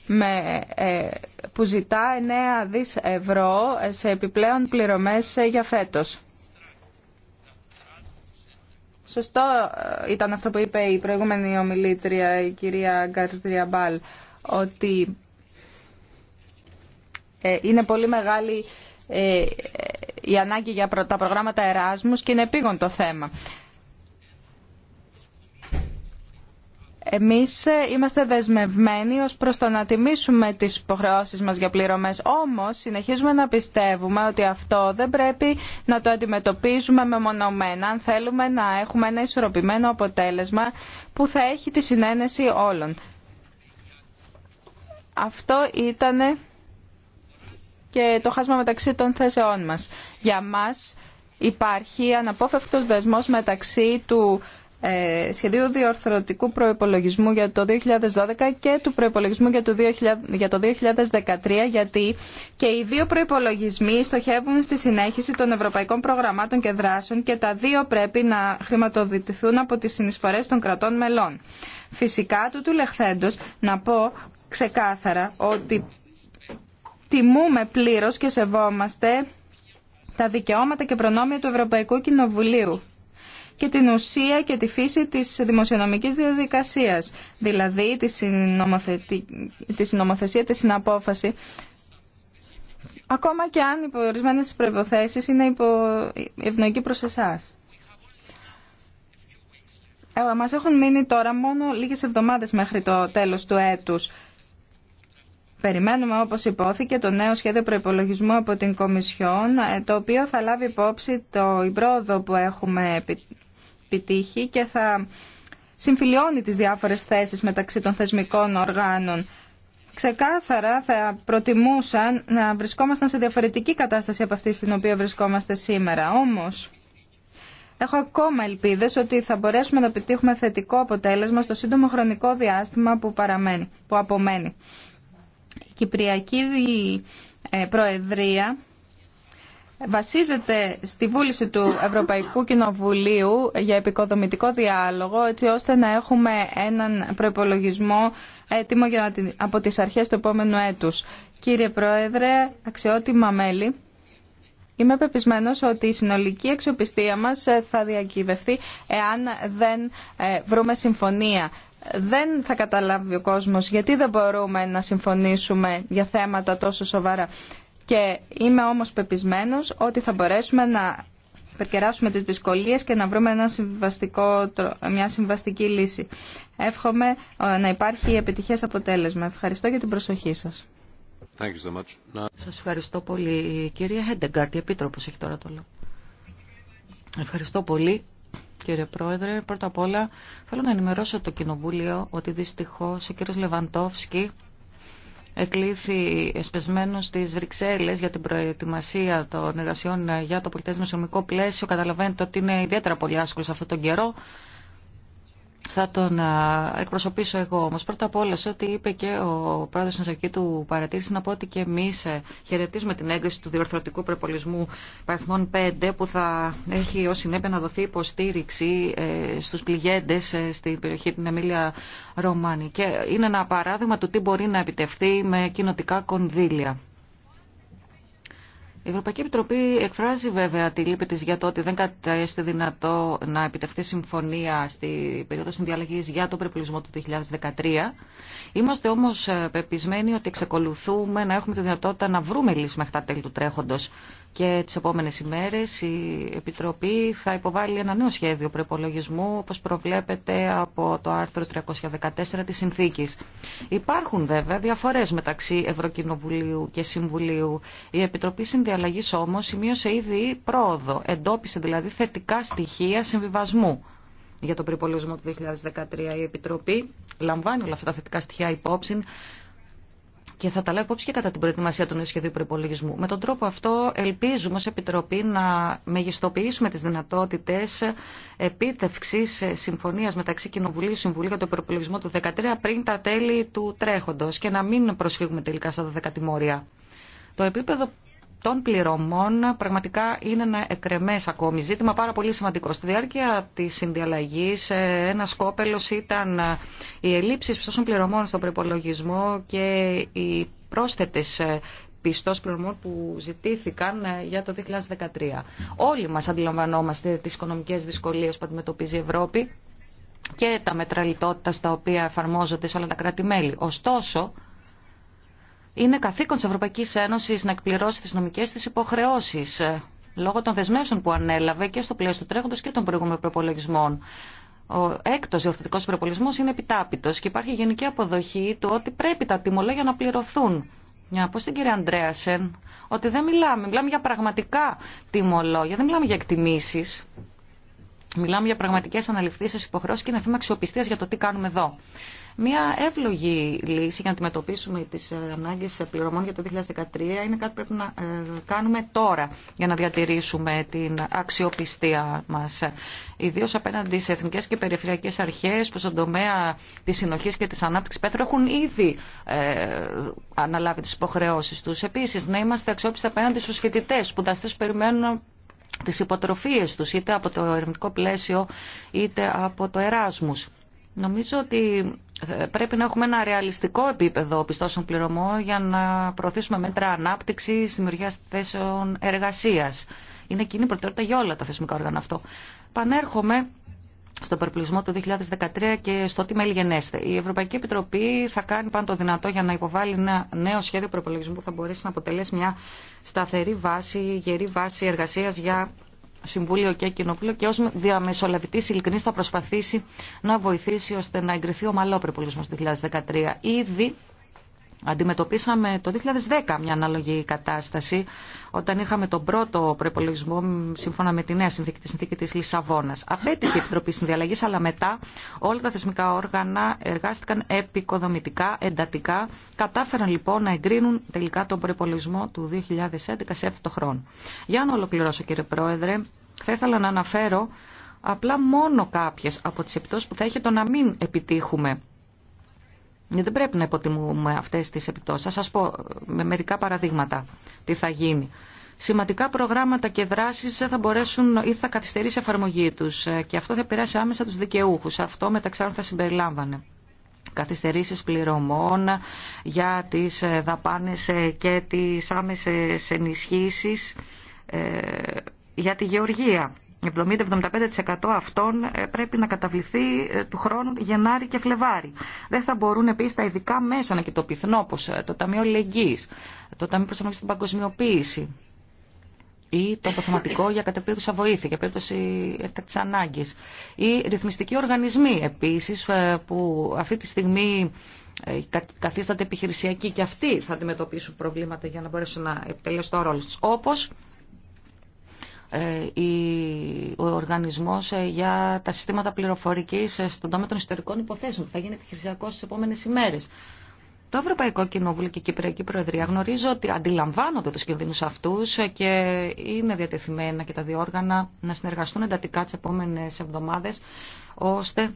με, ε, που ζητά 9 δις ευρώ σε επιπλέον πληρωμές ε, για φέτος. Σωστό ε, ήταν αυτό που είπε η προηγούμενη ομιλήτρια, η κυρία Γκαρτρία Μπάλ, ότι είναι πολύ μεγάλη η ανάγκη για τα προγράμματα Εράσμους και είναι επίγον το θέμα. Εμείς ε, είμαστε δεσμευμένοι ως προς το να τιμήσουμε τις υποχρεώσεις μας για πληρωμές. Όμως συνεχίζουμε να πιστεύουμε ότι αυτό δεν πρέπει να το αντιμετωπίζουμε μεμονωμένα αν θέλουμε να έχουμε ένα ισορροπημένο αποτέλεσμα που θα έχει τη συνένεση όλων. Αυτό ήταν και το χάσμα μεταξύ των θέσεών μας. Για μας υπάρχει αναπόφευκτος δεσμός μεταξύ του ε, σχεδίου διορθωτικού προπολογισμού για το 2012 και του προπολογισμού για το 2013 γιατί και οι δύο προπολογισμοί στοχεύουν στη συνέχιση των ευρωπαϊκών προγραμμάτων και δράσεων και τα δύο πρέπει να χρηματοδοτηθούν από τις συνεισφορέ των κρατών μελών. Φυσικά, του του λεχθέντος, να πω ξεκάθαρα ότι τιμούμε πλήρω και σεβόμαστε τα δικαιώματα και προνόμια του Ευρωπαϊκού Κοινοβουλίου και την ουσία και τη φύση της δημοσιονομικής διαδικασίας, δηλαδή τη, τη συνομοθεσία, τη συναπόφαση, ακόμα και αν οι ορισμένε προποθέσει είναι υπο... ευνοϊκοί προ εσά. Ε, μας έχουν μείνει τώρα μόνο λίγες εβδομάδες μέχρι το τέλος του έτους. Περιμένουμε, όπως υπόθηκε, το νέο σχέδιο προϋπολογισμού από την Κομισιόν, ε, το οποίο θα λάβει υπόψη το πρόοδο που έχουμε επιτύχει και θα συμφιλιώνει τις διάφορες θέσεις μεταξύ των θεσμικών οργάνων. Ξεκάθαρα θα προτιμούσαν να βρισκόμασταν σε διαφορετική κατάσταση από αυτή στην οποία βρισκόμαστε σήμερα. Όμως, έχω ακόμα ελπίδες ότι θα μπορέσουμε να επιτύχουμε θετικό αποτέλεσμα στο σύντομο χρονικό διάστημα που, παραμένει, που απομένει. Η Κυπριακή ε, Προεδρία βασίζεται στη βούληση του Ευρωπαϊκού Κοινοβουλίου για επικοδομητικό διάλογο έτσι ώστε να έχουμε έναν προπολογισμό έτοιμο για να, από τις αρχές του επόμενου έτους. Κύριε Πρόεδρε, αξιότιμα μέλη, είμαι πεπισμένος ότι η συνολική αξιοπιστία μας θα διακυβευτεί εάν δεν ε, βρούμε συμφωνία δεν θα καταλάβει ο κόσμος γιατί δεν μπορούμε να συμφωνήσουμε για θέματα τόσο σοβαρά. Και είμαι όμως πεπισμένος ότι θα μπορέσουμε να περκεράσουμε τις δυσκολίες και να βρούμε ένα μια συμβαστική λύση. Εύχομαι ε, να υπάρχει επιτυχές αποτέλεσμα. Ευχαριστώ για την προσοχή σας. so Σας ευχαριστώ πολύ. Κυρία Χέντεγκάρτ, η Επίτροπος έχει τώρα το λόγο. Ευχαριστώ πολύ. Κύριε Πρόεδρε, πρώτα απ' όλα θέλω να ενημερώσω το Κοινοβούλιο ότι δυστυχώς ο κύριος Λεβαντόφσκι εκλήθη εσπεσμένο στι Βρυξέλλε για την προετοιμασία των εργασιών για το πολιτέ πλαίσιο. Καταλαβαίνετε ότι είναι ιδιαίτερα πολύ άσχολο σε αυτόν τον καιρό θα τον εκπροσωπήσω εγώ. Όμως πρώτα απ' όλα σε ό,τι είπε και ο πρόεδρος της αρχή του παρατήρηση να πω ότι και εμείς ε, χαιρετίζουμε την έγκριση του διορθωτικού προπολισμού παριθμών 5 που θα έχει ως συνέπεια να δοθεί υποστήριξη ε, στους πληγέντες ε, στην περιοχή την Εμίλια Ρωμάνη. Και είναι ένα παράδειγμα του τι μπορεί να επιτευχθεί με κοινοτικά κονδύλια. Η Ευρωπαϊκή Επιτροπή εκφράζει βέβαια τη λύπη της για το ότι δεν κατέστη δυνατό να επιτευχθεί συμφωνία στη περίοδο συνδιαλλαγής για τον περιπλησμό του 2013. Είμαστε όμως ε, πεπισμένοι ότι εξακολουθούμε να έχουμε τη δυνατότητα να βρούμε λύση μέχρι τα τέλη του τρέχοντος και τις επόμενες ημέρες η Επιτροπή θα υποβάλει ένα νέο σχέδιο προπολογισμού όπως προβλέπεται από το άρθρο 314 της Συνθήκης. Υπάρχουν βέβαια διαφορές μεταξύ Ευρωκοινοβουλίου και Συμβουλίου. Η Επιτροπή Συνδιαλλαγής όμως σημείωσε ήδη πρόοδο, εντόπισε δηλαδή θετικά στοιχεία συμβιβασμού για τον προπολογισμό του 2013. Η Επιτροπή λαμβάνει όλα αυτά τα θετικά στοιχεία υπόψη και θα τα λέω υπόψη και κατά την προετοιμασία του νέου σχεδίου προπολογισμού. Με τον τρόπο αυτό ελπίζουμε ω Επιτροπή να μεγιστοποιήσουμε τις δυνατότητες επίτευξη συμφωνίας μεταξύ Κοινοβουλίου και Συμβουλίου για τον προπολογισμό του 2013 πριν τα τέλη του τρέχοντος και να μην προσφύγουμε τελικά στα 12 Το επίπεδο των πληρωμών πραγματικά είναι ένα εκρεμές ακόμη ζήτημα, πάρα πολύ σημαντικό. Στη διάρκεια της συνδιαλλαγής ε, ένα σκόπελος ήταν ε, οι ελλείψεις πιστώσεων πληρωμών στον προπολογισμό και οι πρόσθετες ε, πιστός πληρωμών που ζητήθηκαν για το 2013. Όλοι μας αντιλαμβανόμαστε τις οικονομικές δυσκολίες που αντιμετωπίζει η Ευρώπη και τα μέτρα στα οποία εφαρμόζονται σε όλα τα κράτη-μέλη. Ωστόσο, είναι καθήκον τη Ευρωπαϊκή Ένωση να εκπληρώσει τι νομικέ τη υποχρεώσει ε, λόγω των δεσμεύσεων που ανέλαβε και στο πλαίσιο του τρέχοντος και των προηγούμενων προπολογισμών. Ο έκτο διορθωτικό προπολογισμό είναι επιτάπητο και υπάρχει γενική αποδοχή του ότι πρέπει τα τιμολόγια να πληρωθούν. Μια πω στην κυρία Αντρέασεν ότι δεν μιλάμε, μιλάμε για πραγματικά τιμολόγια, δεν μιλάμε για εκτιμήσει. Μιλάμε για πραγματικέ αναληφθήσει υποχρεώσει και είναι θέμα αξιοπιστία για το τι κάνουμε εδώ. Μια εύλογη λύση για να αντιμετωπίσουμε τι ε, ανάγκε πληρωμών για το 2013 είναι κάτι που πρέπει να ε, κάνουμε τώρα για να διατηρήσουμε την αξιοπιστία μα. Ιδίω απέναντι σε εθνικέ και περιφερειακέ αρχέ που στον τομέα τη συνοχή και τη ανάπτυξη πέθρου έχουν ήδη ε, αναλάβει τι υποχρεώσει του. Επίση, να είμαστε αξιόπιστοι απέναντι στου στους φοιτητές, σπουδαστές περιμένουν τι υποτροφίε του, είτε από το ερευνητικό πλαίσιο, είτε από το Εράσμου. Νομίζω ότι πρέπει να έχουμε ένα ρεαλιστικό επίπεδο πιστώσεων πληρωμών για να προωθήσουμε μέτρα ανάπτυξη, δημιουργία θέσεων εργασία. Είναι κοινή προτεραιότητα για όλα τα θεσμικά όργανα αυτό. Πανέρχομαι στον περιπλησμό του 2013 και στο τι μελγενέστε. Η Ευρωπαϊκή Επιτροπή θα κάνει πάνω το δυνατό για να υποβάλει ένα νέο σχέδιο προπολογισμού που θα μπορέσει να αποτελέσει μια σταθερή βάση, γερή βάση εργασία για Συμβούλιο και Κοινοβούλιο και ω διαμεσολαβητής Ειλικρινή θα προσπαθήσει να βοηθήσει ώστε να εγκριθεί ο προπολογισμό του 2013. Ήδη Αντιμετωπίσαμε το 2010 μια ανάλογη κατάσταση όταν είχαμε τον πρώτο προπολογισμό σύμφωνα με τη νέα συνθήκη, τη συνθήκη της Λισαβόνας. Απέτυχε η Επιτροπή Συνδιαλλαγής, αλλά μετά όλα τα θεσμικά όργανα εργάστηκαν επικοδομητικά, εντατικά. Κατάφεραν λοιπόν να εγκρίνουν τελικά τον προπολογισμό του 2011 σε αυτό το χρόνο. Για να ολοκληρώσω κύριε Πρόεδρε, θα ήθελα να αναφέρω απλά μόνο κάποιες από τις επιπτώσεις που θα έχει το να μην επιτύχουμε ε, δεν πρέπει να υποτιμούμε αυτές τις επιπτώσει. Θα σας πω με μερικά παραδείγματα τι θα γίνει. Σημαντικά προγράμματα και δράσεις θα μπορέσουν ή θα καθυστερήσει η εφαρμογή τους ε, και αυτό θα επηρεάσει άμεσα τους δικαιούχους. Αυτό μεταξύ άλλων θα συμπεριλάμβανε καθυστερήσεις πληρωμών για τις ε, δαπάνες και τι άμεσες ενισχύσεις για τη γεωργία. 70-75% αυτών ε, πρέπει να καταβληθεί ε, του χρόνου Γενάρη και Φλεβάρη. Δεν θα μπορούν επίση τα ειδικά μέσα να κοιτοποιηθούν όπω ε, το Ταμείο Λεγγύη, το Ταμείο Προσαρμογή στην Παγκοσμιοποίηση ή το αποθεματικό για κατεπίδουσα βοήθεια για περίπτωση έκτακτη ανάγκη. Ή ρυθμιστικοί οργανισμοί επίση που αυτή τη στιγμή καθίσταται επιχειρησιακοί και αυτοί θα αντιμετωπίσουν προβλήματα για να μπορέσουν να επιτελέσουν το ρόλο του. Όπω. Ε, ο οργανισμός ε, για τα συστήματα πληροφορικής ε, στον τομέα των ιστορικών υποθέσεων που θα γίνει επιχειρησιακός στις επόμενες ημέρες. Το Ευρωπαϊκό Κοινόβουλιο και η Κυπριακή Προεδρία γνωρίζω ότι αντιλαμβάνονται τους κινδύνους αυτούς και είναι διατεθειμένα και τα δύο όργανα να συνεργαστούν εντατικά τις επόμενες εβδομάδες ώστε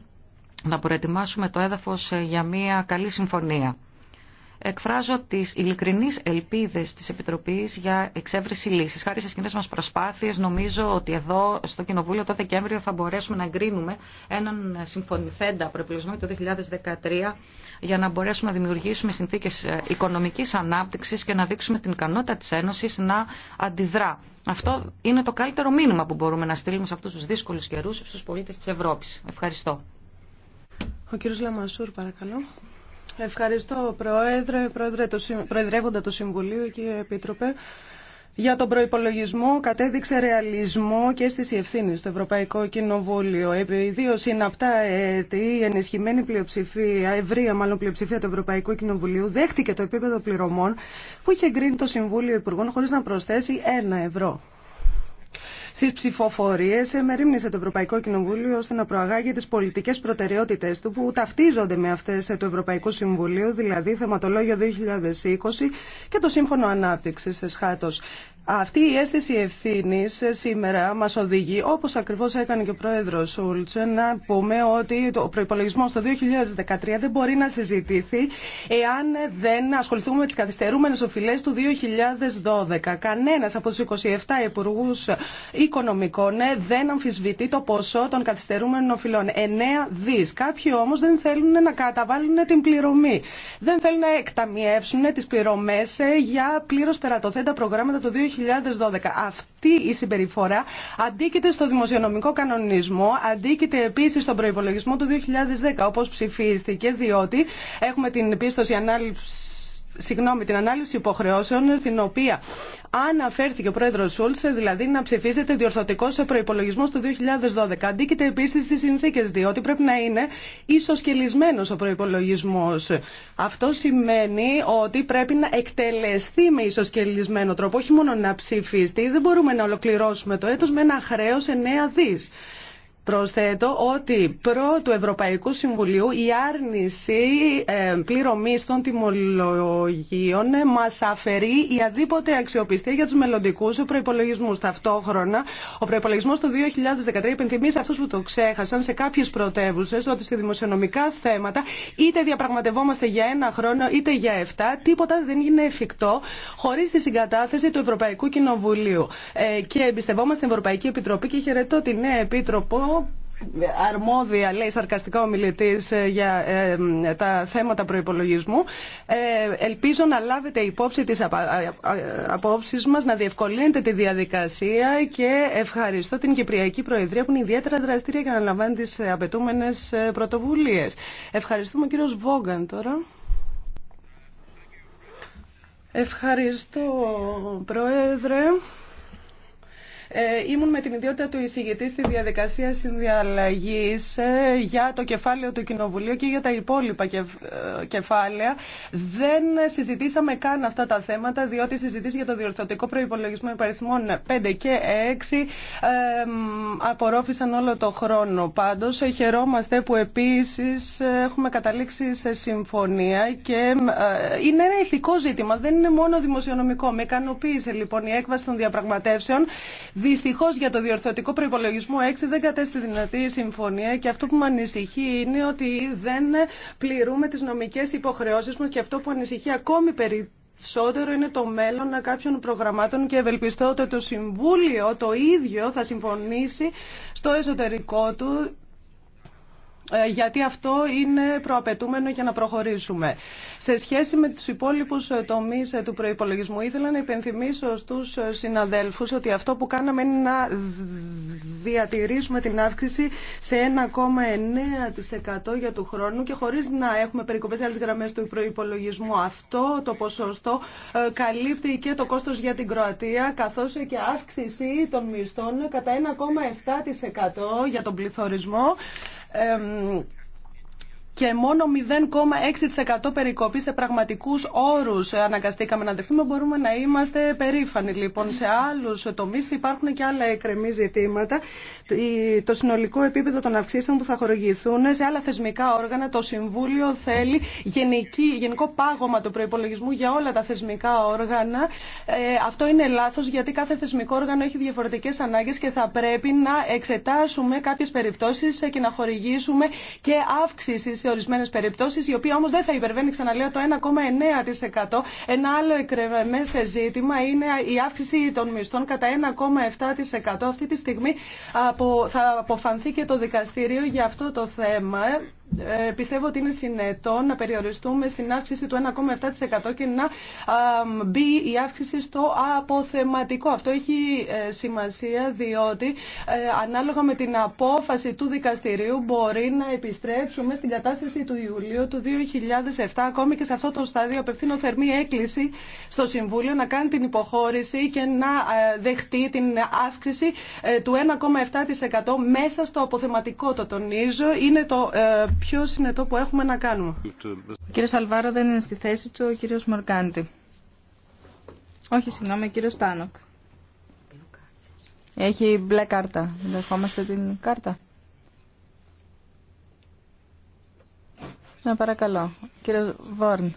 να προετοιμάσουμε το έδαφος για μια καλή συμφωνία εκφράζω τι ειλικρινεί ελπίδε τη Επιτροπή για εξέβριση λύση. Χάρη στι κοινέ μα προσπάθειε νομίζω ότι εδώ στο Κοινοβούλιο το Δεκέμβριο θα μπορέσουμε να εγκρίνουμε έναν συμφωνηθέντα προεπιλογισμό το 2013 για να μπορέσουμε να δημιουργήσουμε συνθήκε οικονομική ανάπτυξη και να δείξουμε την ικανότητα τη Ένωση να αντιδρά. Αυτό είναι το καλύτερο μήνυμα που μπορούμε να στείλουμε σε αυτού του δύσκολου καιρού στου πολίτε τη Ευρώπη. Ευχαριστώ. Ο κύριος Λαμασούρ, παρακαλώ. Ευχαριστώ, Πρόεδρε, Πρόεδρε το, Προεδρεύοντα του Συμβουλίου, κύριε Επίτροπε. Για τον προπολογισμό κατέδειξε ρεαλισμό και στις ευθύνε στο Ευρωπαϊκό Κοινοβούλιο. Δύο συναπτά έτη η ενισχυμένη πλειοψηφία, ευρεία μάλλον πλειοψηφία του Ευρωπαϊκού Κοινοβουλίου δέχτηκε το επίπεδο πληρωμών που είχε εγκρίνει το Συμβούλιο Υπουργών χωρίς να προσθέσει ένα ευρώ. Στι ψηφοφορίε μερίμνησε το Ευρωπαϊκό Κοινοβούλιο ώστε να προαγάγει τι πολιτικέ προτεραιότητέ του που ταυτίζονται με αυτέ του Ευρωπαϊκού Συμβουλίου, δηλαδή Θεματολόγιο 2020 και το Σύμφωνο Ανάπτυξη Εσχάτω. Αυτή η αίσθηση ευθύνη σήμερα μα οδηγεί, όπω ακριβώ έκανε και ο Πρόεδρο Σούλτ, να πούμε ότι ο προπολογισμό το 2013 δεν μπορεί να συζητηθεί εάν δεν ασχοληθούμε με τι καθυστερούμενε οφειλέ του 2012. Κανένα από του 27 υπουργού ναι, δεν αμφισβητεί το ποσό των καθυστερούμενων οφειλών. 9 δι. Κάποιοι όμω δεν θέλουν να καταβάλουν την πληρωμή. Δεν θέλουν να εκταμιεύσουν τι πληρωμέ ε, για πλήρω περατοθέντα προγράμματα το 2012. Αυτή η συμπεριφορά αντίκειται στο δημοσιονομικό κανονισμό, αντίκειται επίση στον προπολογισμό του 2010, όπω ψηφίστηκε, διότι έχουμε την πίστοση ανάληψη συγγνώμη, την ανάλυση υποχρεώσεων στην οποία αναφέρθηκε ο πρόεδρο Σούλτσε, δηλαδή να ψηφίζεται διορθωτικό σε προπολογισμό του 2012. Αντίκειται επίση στι συνθήκε, διότι πρέπει να είναι ισοσκελισμένο ο προπολογισμό. Αυτό σημαίνει ότι πρέπει να εκτελεστεί με ισοσκελισμένο τρόπο, όχι μόνο να ή Δεν μπορούμε να ολοκληρώσουμε το έτο με ένα χρέο 9 δι. Προσθέτω ότι προ του Ευρωπαϊκού Συμβουλίου η άρνηση ε, πληρωμή των τιμολογίων μα αφαιρεί η αδίποτε αξιοπιστία για του μελλοντικού προπολογισμού Ταυτόχρονα, ο προπολογισμό του 2013 υπενθυμίζει αυτού που το ξέχασαν σε κάποιες πρωτεύουσε ότι σε δημοσιονομικά θέματα είτε διαπραγματευόμαστε για ένα χρόνο είτε για εφτά, τίποτα δεν είναι εφικτό χωρί τη συγκατάθεση του Ευρωπαϊκού Κοινοβουλίου. Ε, και εμπιστευόμαστε την Ευρωπαϊκή Επιτροπή και χαιρετώ την νέα Επίτροπο αρμόδια, λέει σαρκαστικά ο μιλητής ε, για ε, ε, τα θέματα προπολογισμού. ελπίζω να λάβετε υπόψη τι απόψει μα, να διευκολύνετε τη διαδικασία και ευχαριστώ την Κυπριακή Προεδρία που είναι ιδιαίτερα δραστήρια και αναλαμβάνει τι απαιτούμενε πρωτοβουλίε. Ευχαριστούμε, κύριο Βόγκαν τώρα. Ευχαριστώ, Πρόεδρε. Ε, ήμουν με την ιδιότητα του εισηγητή στη διαδικασία συνδιαλλαγής ε, για το κεφάλαιο του Κοινοβουλίου και για τα υπόλοιπα ε, κεφάλαια. Δεν συζητήσαμε καν αυτά τα θέματα, διότι συζητήσει για το διορθωτικό προϋπολογισμό υπαριθμών 5 και 6 απορρόφησαν όλο το χρόνο. Πάντως, χαιρόμαστε που επίσης έχουμε καταλήξει σε συμφωνία και είναι ένα ηθικό ζήτημα, δεν είναι μόνο δημοσιονομικό. Με ικανοποίησε λοιπόν η έκβαση των διαπραγματεύσεων Δυστυχώ για το διορθωτικό προπολογισμό 6 δεν κατέστη δυνατή η συμφωνία και αυτό που με ανησυχεί είναι ότι δεν πληρούμε τι νομικέ υποχρεώσει μα και αυτό που ανησυχεί ακόμη περισσότερο είναι το μέλλον κάποιων προγραμμάτων και ευελπιστώ ότι το Συμβούλιο το ίδιο θα συμφωνήσει στο εσωτερικό του ε, γιατί αυτό είναι προαπαιτούμενο για να προχωρήσουμε. Σε σχέση με τους υπόλοιπους ε, τομείς ε, του προϋπολογισμού, ήθελα να υπενθυμίσω στους συναδέλφους ότι αυτό που κάναμε είναι να διατηρήσουμε την αύξηση σε 1,9% για του χρόνου και χωρίς να έχουμε περικοπές σε άλλες γραμμές του προϋπολογισμού. Αυτό το ποσοστό καλύπτει και το κόστος για την Κροατία, καθώς και αύξηση των μισθών κατά 1,7% για τον πληθωρισμό. Εμ και μόνο 0,6% περικοπή σε πραγματικού όρου αναγκαστήκαμε να δεχτούμε. Μπορούμε να είμαστε περήφανοι λοιπόν. Σε άλλου τομεί υπάρχουν και άλλα εκκρεμή ζητήματα. Το συνολικό επίπεδο των αυξήσεων που θα χορηγηθούν σε άλλα θεσμικά όργανα. Το Συμβούλιο θέλει γενική, γενικό πάγωμα του προπολογισμού για όλα τα θεσμικά όργανα. Ε, αυτό είναι λάθο γιατί κάθε θεσμικό όργανο έχει διαφορετικέ ανάγκε και θα πρέπει να εξετάσουμε κάποιε περιπτώσει και να χορηγήσουμε και αύξηση ορισμένε περιπτώσει, η οποία όμω δεν θα υπερβαίνει, ξαναλέω, το 1,9%. Ένα άλλο εκρεμέ ζήτημα είναι η αύξηση των μισθών κατά 1,7%. Αυτή τη στιγμή θα αποφανθεί και το δικαστήριο για αυτό το θέμα. Ε, πιστεύω ότι είναι συνετό να περιοριστούμε στην αύξηση του 1,7% και να μπει η αύξηση στο αποθεματικό. Αυτό έχει ε, σημασία διότι ε, ανάλογα με την απόφαση του δικαστηρίου μπορεί να επιστρέψουμε στην κατάσταση του Ιουλίου του 2007. Ακόμη και σε αυτό το στάδιο απευθύνω θερμή έκκληση στο Συμβούλιο να κάνει την υποχώρηση και να δεχτεί την αύξηση του 1,7% μέσα στο αποθεματικό το τονίζω. Είναι το είναι το που έχουμε να κάνουμε. Ο κύριος Αλβάρο δεν είναι στη θέση του, ο κύριος Μορκάντη. Όχι, συγγνώμη, ο κύριος Τάνοκ. Έχει μπλε κάρτα. Δεχόμαστε την κάρτα. Να παρακαλώ. Κύριε Βόρν.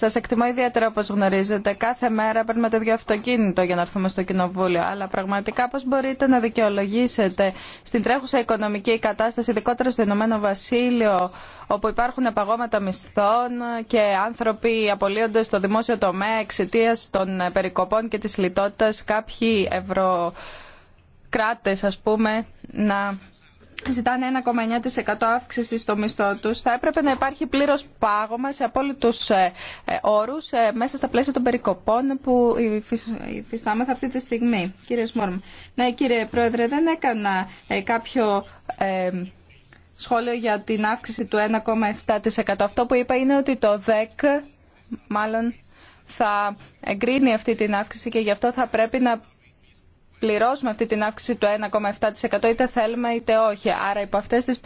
Σα εκτιμώ ιδιαίτερα όπω γνωρίζετε. Κάθε μέρα παίρνουμε το ίδιο αυτοκίνητο για να έρθουμε στο Κοινοβούλιο. Αλλά πραγματικά πώς μπορείτε να δικαιολογήσετε στην τρέχουσα οικονομική κατάσταση, ειδικότερα στο Ηνωμένο Βασίλειο, όπου υπάρχουν παγώματα μισθών και άνθρωποι απολύονται στο δημόσιο τομέα εξαιτία των περικοπών και τη λιτότητα κάποιοι ευρωκράτε, α πούμε, να ζητάνε 1,9% αύξηση στο μισθό τους, θα έπρεπε να υπάρχει πλήρω πάγωμα σε απόλυτους ε, ε, όρους ε, μέσα στα πλαίσια των περικοπών που υφιστάμεθα αυτή τη στιγμή. Κύριε Σμόρμ. Ναι, κύριε Πρόεδρε, δεν έκανα κάποιο σχόλιο για την αύξηση του 1,7%. Αυτό που είπα είναι ότι το ΔΕΚ μάλλον θα εγκρίνει αυτή την αύξηση και γι' αυτό θα πρέπει να πληρώσουμε αυτή την αύξηση του 1,7% είτε θέλουμε είτε όχι. Άρα υπό αυτές τις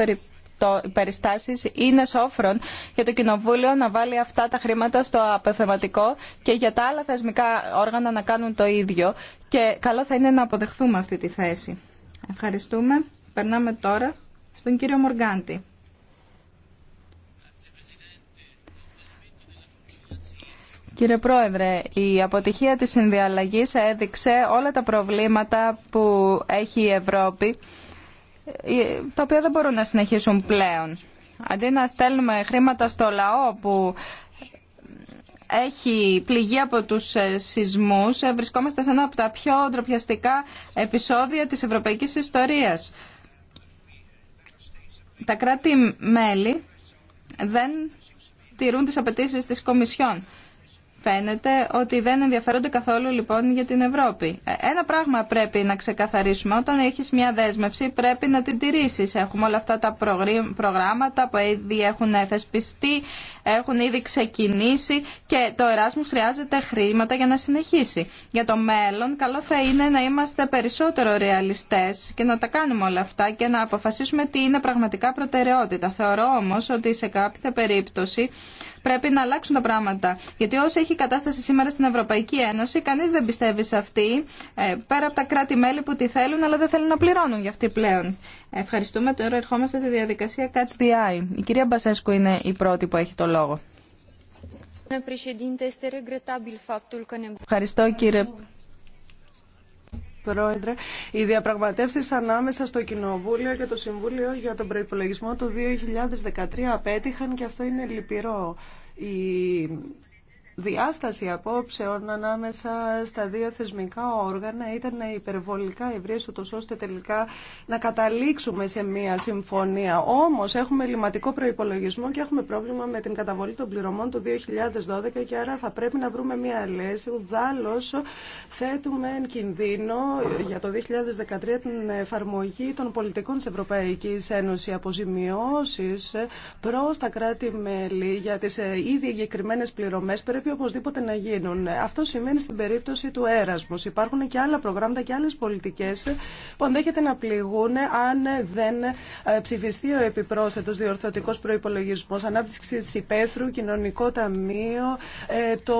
περιστάσεις είναι σόφρον για το Κοινοβούλιο να βάλει αυτά τα χρήματα στο απεθεματικό και για τα άλλα θεσμικά όργανα να κάνουν το ίδιο και καλό θα είναι να αποδεχθούμε αυτή τη θέση. Ευχαριστούμε. Περνάμε τώρα στον κύριο Μοργάντη. Κύριε Πρόεδρε, η αποτυχία της συνδιαλλαγής έδειξε όλα τα προβλήματα που έχει η Ευρώπη, ε, τα οποία δεν μπορούν να συνεχίσουν πλέον. Αντί να στέλνουμε χρήματα στο λαό που έχει πληγεί από τους ε, σεισμούς, ε, βρισκόμαστε σε ένα από τα πιο ντροπιαστικά επεισόδια της ευρωπαϊκής ιστορίας. Τα κράτη-μέλη δεν τηρούν τις απαιτήσεις της Κομισιόν. Φαίνεται ότι δεν ενδιαφέρονται καθόλου λοιπόν για την Ευρώπη. Ε, ένα πράγμα πρέπει να ξεκαθαρίσουμε. Όταν έχεις μια δέσμευση πρέπει να την τηρήσεις. Έχουμε όλα αυτά τα προγράμματα που ήδη έχουν θεσπιστεί, έχουν ήδη ξεκινήσει και το Εράσμου χρειάζεται χρήματα για να συνεχίσει. Για το μέλλον καλό θα είναι να είμαστε περισσότερο ρεαλιστές και να τα κάνουμε όλα αυτά και να αποφασίσουμε τι είναι πραγματικά προτεραιότητα. Θεωρώ όμως ότι σε κάποια περίπτωση πρέπει να αλλάξουν τα πράγματα. Γιατί όσο η κατάσταση σήμερα στην Ευρωπαϊκή Ένωση. Κανεί δεν πιστεύει σε αυτή, ε, πέρα από τα κράτη-μέλη που τη θέλουν, αλλά δεν θέλουν να πληρώνουν για αυτή πλέον. Ευχαριστούμε. Τώρα ερχόμαστε στη διαδικασία Catch the Eye. Η κυρία Μπασέσκου είναι η πρώτη που έχει το λόγο. Ευχαριστώ κύριε Πρόεδρε, οι διαπραγματεύσεις ανάμεσα στο Κοινοβούλιο και το Συμβούλιο για τον προϋπολογισμό του 2013 απέτυχαν και αυτό είναι λυπηρό. Η διάσταση απόψεων ανάμεσα στα δύο θεσμικά όργανα ήταν υπερβολικά ευρύες ούτως ώστε τελικά να καταλήξουμε σε μια συμφωνία. Όμως έχουμε λιματικό προϋπολογισμό και έχουμε πρόβλημα με την καταβολή των πληρωμών του 2012 και άρα θα πρέπει να βρούμε μια λέση. Ουδάλλως θέτουμε εν κινδύνο για το 2013 την εφαρμογή των πολιτικών της Ευρωπαϊκής Ένωσης αποζημιώσεις προς τα κράτη-μέλη για τις ε, ήδη εγκεκριμένες πληρωμές πρέπει οπωσδήποτε να γίνουν. Αυτό σημαίνει στην περίπτωση του έρασμου. Υπάρχουν και άλλα προγράμματα και άλλε πολιτικέ που ενδέχεται να πληγούν αν δεν ε, ψηφιστεί ο επιπρόσθετο διορθωτικό προπολογισμό, ανάπτυξη τη υπαίθρου, κοινωνικό ταμείο, ε, το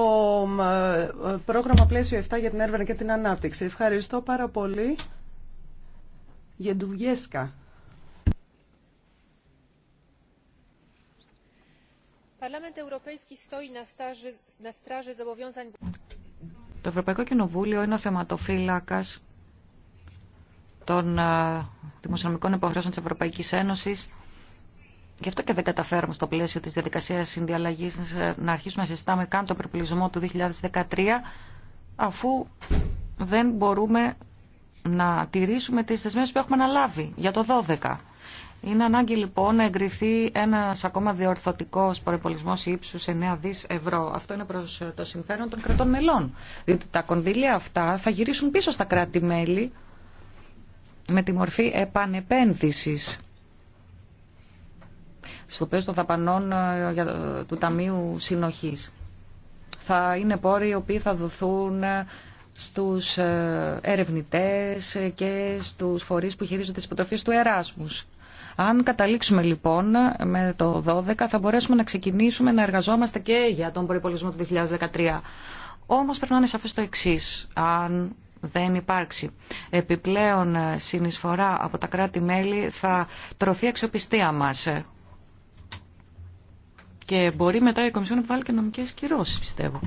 ε, πρόγραμμα πλαίσιο 7 για την έρευνα και την ανάπτυξη. Ευχαριστώ πάρα πολύ. Το Ευρωπαϊκό Κοινοβούλιο είναι ο θεματοφύλακας των ε, δημοσιονομικών υποχρεώσεων της Ευρωπαϊκής Ένωσης. Γι' αυτό και δεν καταφέρουμε στο πλαίσιο της διαδικασίας συνδιαλλαγής ε, να αρχίσουμε να συζητάμε καν τον περιπλησμό του 2013 αφού δεν μπορούμε να τηρήσουμε τις θεσμές που έχουμε αναλάβει για το 2012. Είναι ανάγκη λοιπόν να εγκριθεί ένα ακόμα διορθωτικό προεπολισμό ύψου 9 δι ευρώ. Αυτό είναι προ το συμφέρον των κρατών μελών. Διότι τα κονδύλια αυτά θα γυρίσουν πίσω στα κράτη-μέλη με τη μορφή επανεπένδυση στο πλαίσιο των δαπανών ε, του Ταμείου Συνοχή. Θα είναι πόροι οι οποίοι θα δοθούν ε, στους ε, ερευνητές και στους φορείς που χειρίζονται τις υποτροφίες του Εράσμους. Αν καταλήξουμε λοιπόν με το 12 θα μπορέσουμε να ξεκινήσουμε να εργαζόμαστε και για τον προϋπολογισμό του 2013. Όμως πρέπει να είναι σαφές το εξή. Αν δεν υπάρξει επιπλέον συνεισφορά από τα κράτη-μέλη θα τρωθεί η αξιοπιστία μας. Και μπορεί μετά η Κομισιόν να βάλει και νομικές κυρώσεις πιστεύω.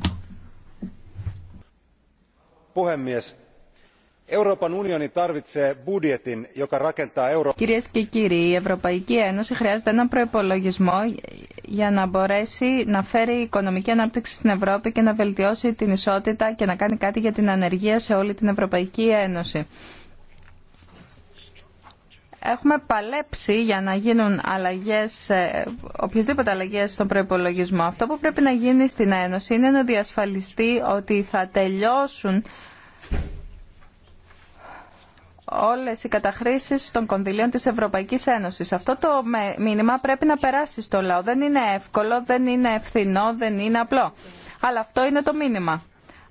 Euroopan Κυρίες και κύριοι, η Ευρωπαϊκή Ένωση χρειάζεται έναν προπολογισμό για να μπορέσει να φέρει οικονομική ανάπτυξη στην Ευρώπη και να βελτιώσει την ισότητα και να κάνει κάτι για την ανεργία σε όλη την Ευρωπαϊκή Ένωση. Έχουμε παλέψει για να γίνουν αλλαγές, ε, οποιασδήποτε αλλαγές στον προπολογισμό. Αυτό που πρέπει να γίνει στην Ένωση είναι να διασφαλιστεί ότι θα τελειώσουν όλες οι καταχρήσεις των κονδυλίων της Ευρωπαϊκής Ένωσης. Αυτό το μήνυμα πρέπει να περάσει στο λαό. Δεν είναι εύκολο, δεν είναι ευθυνό, δεν είναι απλό. Αλλά αυτό είναι το μήνυμα.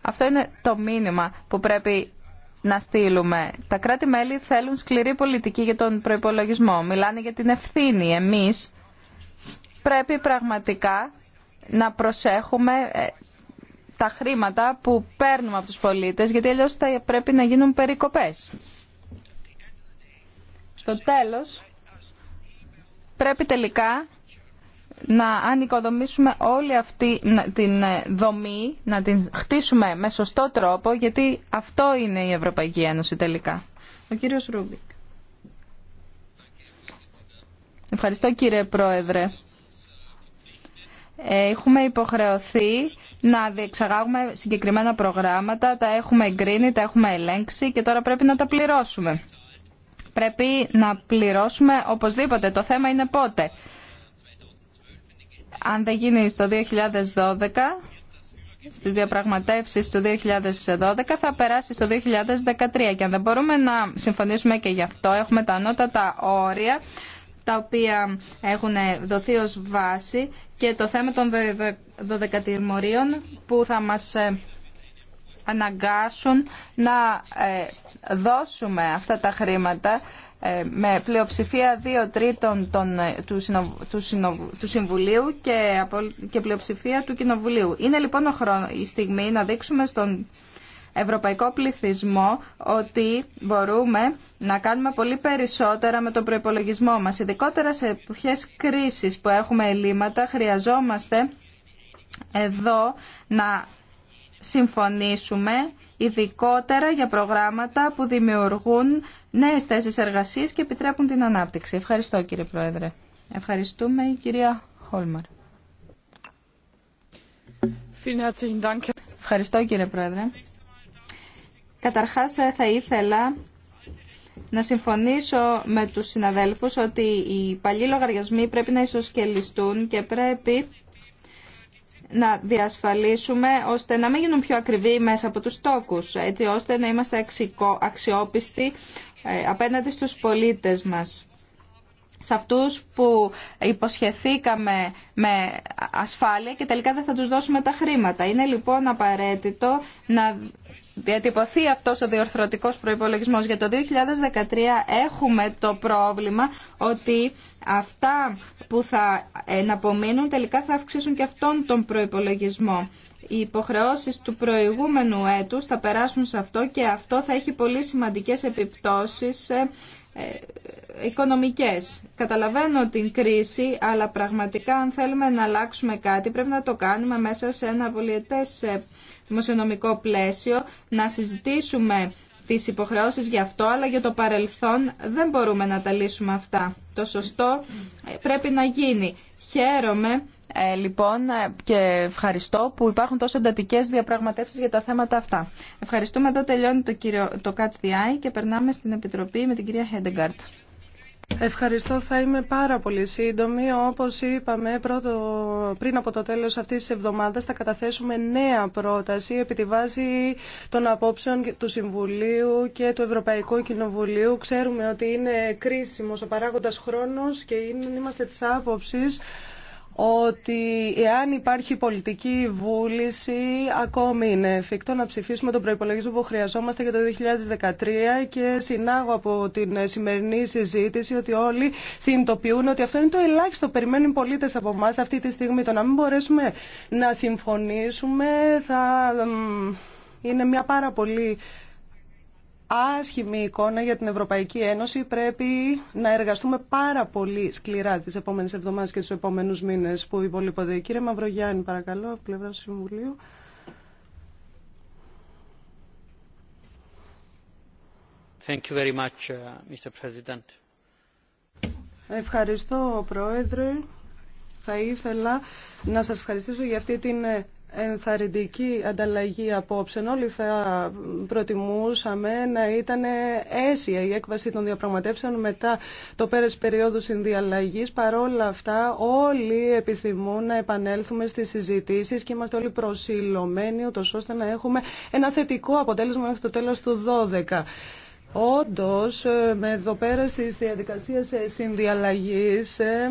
Αυτό είναι το μήνυμα που πρέπει να στείλουμε. Τα κράτη-μέλη θέλουν σκληρή πολιτική για τον προϋπολογισμό. Μιλάνε για την ευθύνη. Εμείς πρέπει πραγματικά να προσέχουμε ε, τα χρήματα που παίρνουμε από τους πολίτες, γιατί αλλιώς θα πρέπει να γίνουν περικοπές στο τέλος πρέπει τελικά να ανοικοδομήσουμε όλη αυτή την ε, δομή, να την χτίσουμε με σωστό τρόπο, γιατί αυτό είναι η Ευρωπαϊκή Ένωση τελικά. Ο κύριος Ρούμπικ. Ευχαριστώ κύριε Πρόεδρε. Ε, έχουμε υποχρεωθεί να διεξαγάγουμε συγκεκριμένα προγράμματα, τα έχουμε εγκρίνει, τα έχουμε ελέγξει και τώρα πρέπει να τα πληρώσουμε πρέπει να πληρώσουμε οπωσδήποτε. Το θέμα είναι πότε. Αν δεν γίνει στο 2012, στις διαπραγματεύσεις του 2012 θα περάσει στο 2013 και αν δεν μπορούμε να συμφωνήσουμε και γι' αυτό έχουμε τα ανώτατα όρια τα οποία έχουν δοθεί ως βάση και το θέμα των 12 τιμωρίων που θα μας ε, αναγκάσουν να ε, δώσουμε αυτά τα χρήματα ε, με πλειοψηφία δύο τρίτων των, ε, του, του, Συμβουλίου και, και πλειοψηφία του Κοινοβουλίου. Είναι λοιπόν η στιγμή να δείξουμε στον ευρωπαϊκό πληθυσμό ότι μπορούμε να κάνουμε πολύ περισσότερα με τον προϋπολογισμό μας. Ειδικότερα σε ποιες κρίσεις που έχουμε ελλείμματα χρειαζόμαστε εδώ να συμφωνήσουμε ειδικότερα για προγράμματα που δημιουργούν νέες θέσεις εργασίας και επιτρέπουν την ανάπτυξη. Ευχαριστώ κύριε Πρόεδρε. Ευχαριστούμε η κυρία Χόλμαρ. Ευχαριστώ κύριε Πρόεδρε. Καταρχάς ε, θα ήθελα να συμφωνήσω με τους συναδέλφους ότι οι παλιοί λογαριασμοί πρέπει να ισοσκελιστούν και πρέπει να διασφαλίσουμε ώστε να μην γίνουν πιο ακριβοί μέσα από τους τόκους, έτσι ώστε να είμαστε αξιόπιστοι ε, απέναντι στους πολίτες μας. Σε αυτούς που υποσχεθήκαμε με ασφάλεια και τελικά δεν θα τους δώσουμε τα χρήματα. Είναι λοιπόν απαραίτητο να διατυπωθεί αυτός ο διορθωτικός προϋπολογισμός για το 2013 έχουμε το πρόβλημα ότι αυτά που θα εναπομείνουν τελικά θα αυξήσουν και αυτόν τον προϋπολογισμό. Οι υποχρεώσεις του προηγούμενου έτους θα περάσουν σε αυτό και αυτό θα έχει πολύ σημαντικές επιπτώσεις ε, ε, οικονομικές. Καταλαβαίνω την κρίση, αλλά πραγματικά αν θέλουμε να αλλάξουμε κάτι πρέπει να το κάνουμε μέσα σε ένα πολιετές ε, δημοσιονομικό πλαίσιο, να συζητήσουμε τις υποχρεώσεις για αυτό, αλλά για το παρελθόν δεν μπορούμε να τα λύσουμε αυτά. Το σωστό πρέπει να γίνει. Χαίρομαι ε, λοιπόν ε, και ευχαριστώ που υπάρχουν τόσο εντατικέ διαπραγματεύσεις για τα θέματα αυτά. Ευχαριστούμε. Εδώ τελειώνει το, κύριο, το Catch the Eye και περνάμε στην Επιτροπή με την κυρία Χέντεγκαρτ. Ευχαριστώ. Θα είμαι πάρα πολύ σύντομη. Όπως είπαμε πρώτο, πριν από το τέλος αυτής της εβδομάδας θα καταθέσουμε νέα πρόταση επί τη βάση των απόψεων του Συμβουλίου και του Ευρωπαϊκού Κοινοβουλίου. Ξέρουμε ότι είναι κρίσιμος ο παράγοντας χρόνος και είμαστε της άποψης ότι εάν υπάρχει πολιτική βούληση, ακόμη είναι εφικτό να ψηφίσουμε τον προπολογισμό που χρειαζόμαστε για το 2013 και συνάγω από την σημερινή συζήτηση ότι όλοι συνειδητοποιούν ότι αυτό είναι το ελάχιστο. Περιμένουν οι πολίτε από εμά αυτή τη στιγμή. Το να μην μπορέσουμε να συμφωνήσουμε θα είναι μια πάρα πολύ άσχημη εικόνα για την Ευρωπαϊκή Ένωση. Πρέπει να εργαστούμε πάρα πολύ σκληρά τις επόμενες εβδομάδες και του επόμενου μήνες που υπολείπονται. Κύριε Μαυρογιάννη, παρακαλώ, από πλευρά του Συμβουλίου. Thank you very much, uh, Mr. President. Ευχαριστώ, Πρόεδρε. Θα ήθελα να σας ευχαριστήσω για αυτή την ενθαρρυντική ανταλλαγή απόψεων. Όλοι θα προτιμούσαμε να ήταν αίσια η έκβαση των διαπραγματεύσεων μετά το πέρας περίοδου συνδιαλλαγής. Παρόλα αυτά όλοι επιθυμούν να επανέλθουμε στις συζητήσεις και είμαστε όλοι προσιλωμένοι ούτως ώστε να έχουμε ένα θετικό αποτέλεσμα μέχρι το τέλος του 12. Όντως, με εδώ πέρα στις διαδικασίες συνδιαλλαγής, ε,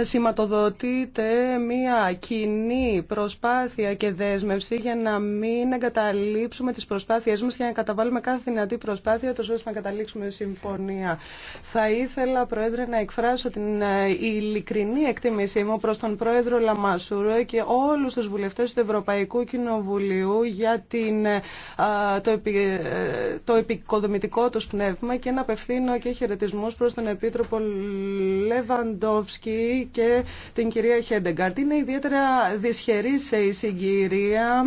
σηματοδοτείται μια κοινή προσπάθεια και δέσμευση για να μην εγκαταλείψουμε τις προσπάθειές μας και να καταβάλουμε κάθε δυνατή προσπάθεια ώστε να καταλήξουμε συμφωνία. Θα ήθελα, Πρόεδρε, να εκφράσω την ε, ειλικρινή εκτίμησή μου προς τον Πρόεδρο Λαμασούρο και όλους τους βουλευτές του Ευρωπαϊκού Κοινοβουλίου για την, ε, το, επι, ε, το επικοδομητικό τους πνεύμα και να απευθύνω και χαιρετισμούς προς τον Επίτροπο Λεβαντόφσκι και την κυρία Χέντεγκαρτ. Είναι ιδιαίτερα σε η συγκυρία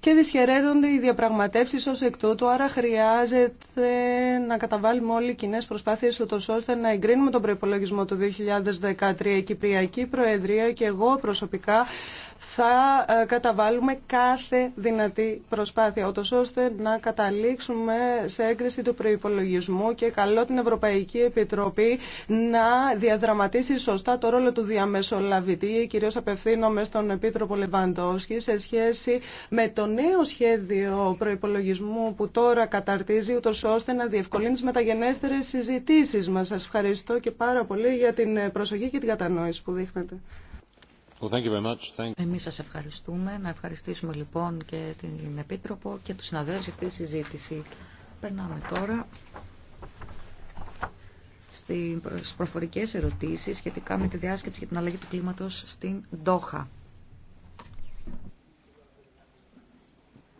και δυσχεραίνονται οι διαπραγματεύσεις ως εκ τούτου, άρα χρειάζεται να καταβάλουμε όλοι κοινέ προσπάθειες ούτως ώστε να εγκρίνουμε τον προϋπολογισμό του 2013. Η Κυπριακή Προεδρία και εγώ προσωπικά θα ε, καταβάλουμε κάθε δυνατή προσπάθεια, ώστε να καταλήξουμε σε έγκριση του προϋπολογισμού και καλό την Ευρωπαϊκή Επιτροπή να διαδραματίσει σωστά το ρόλο του διαμεσολαβητή, κυρίως απευθύνομαι στον Επίτροπο Λεβαντόσκη, σε σχέση με το νέο σχέδιο προϋπολογισμού που τώρα καταρτίζει, ούτως ώστε να διευκολύνει τις μεταγενέστερες συζητήσεις μας. Σας ευχαριστώ και πάρα πολύ για την προσοχή και την κατανόηση που δείχνετε. Εμείς σας ευχαριστούμε. Να ευχαριστήσουμε λοιπόν και την Επίτροπο και τους συναδέλφους για αυτή τη συζήτηση. Περνάμε τώρα στις προφορικές ερωτήσεις σχετικά με τη διάσκεψη για την αλλαγή του κλίματος στην Ντόχα.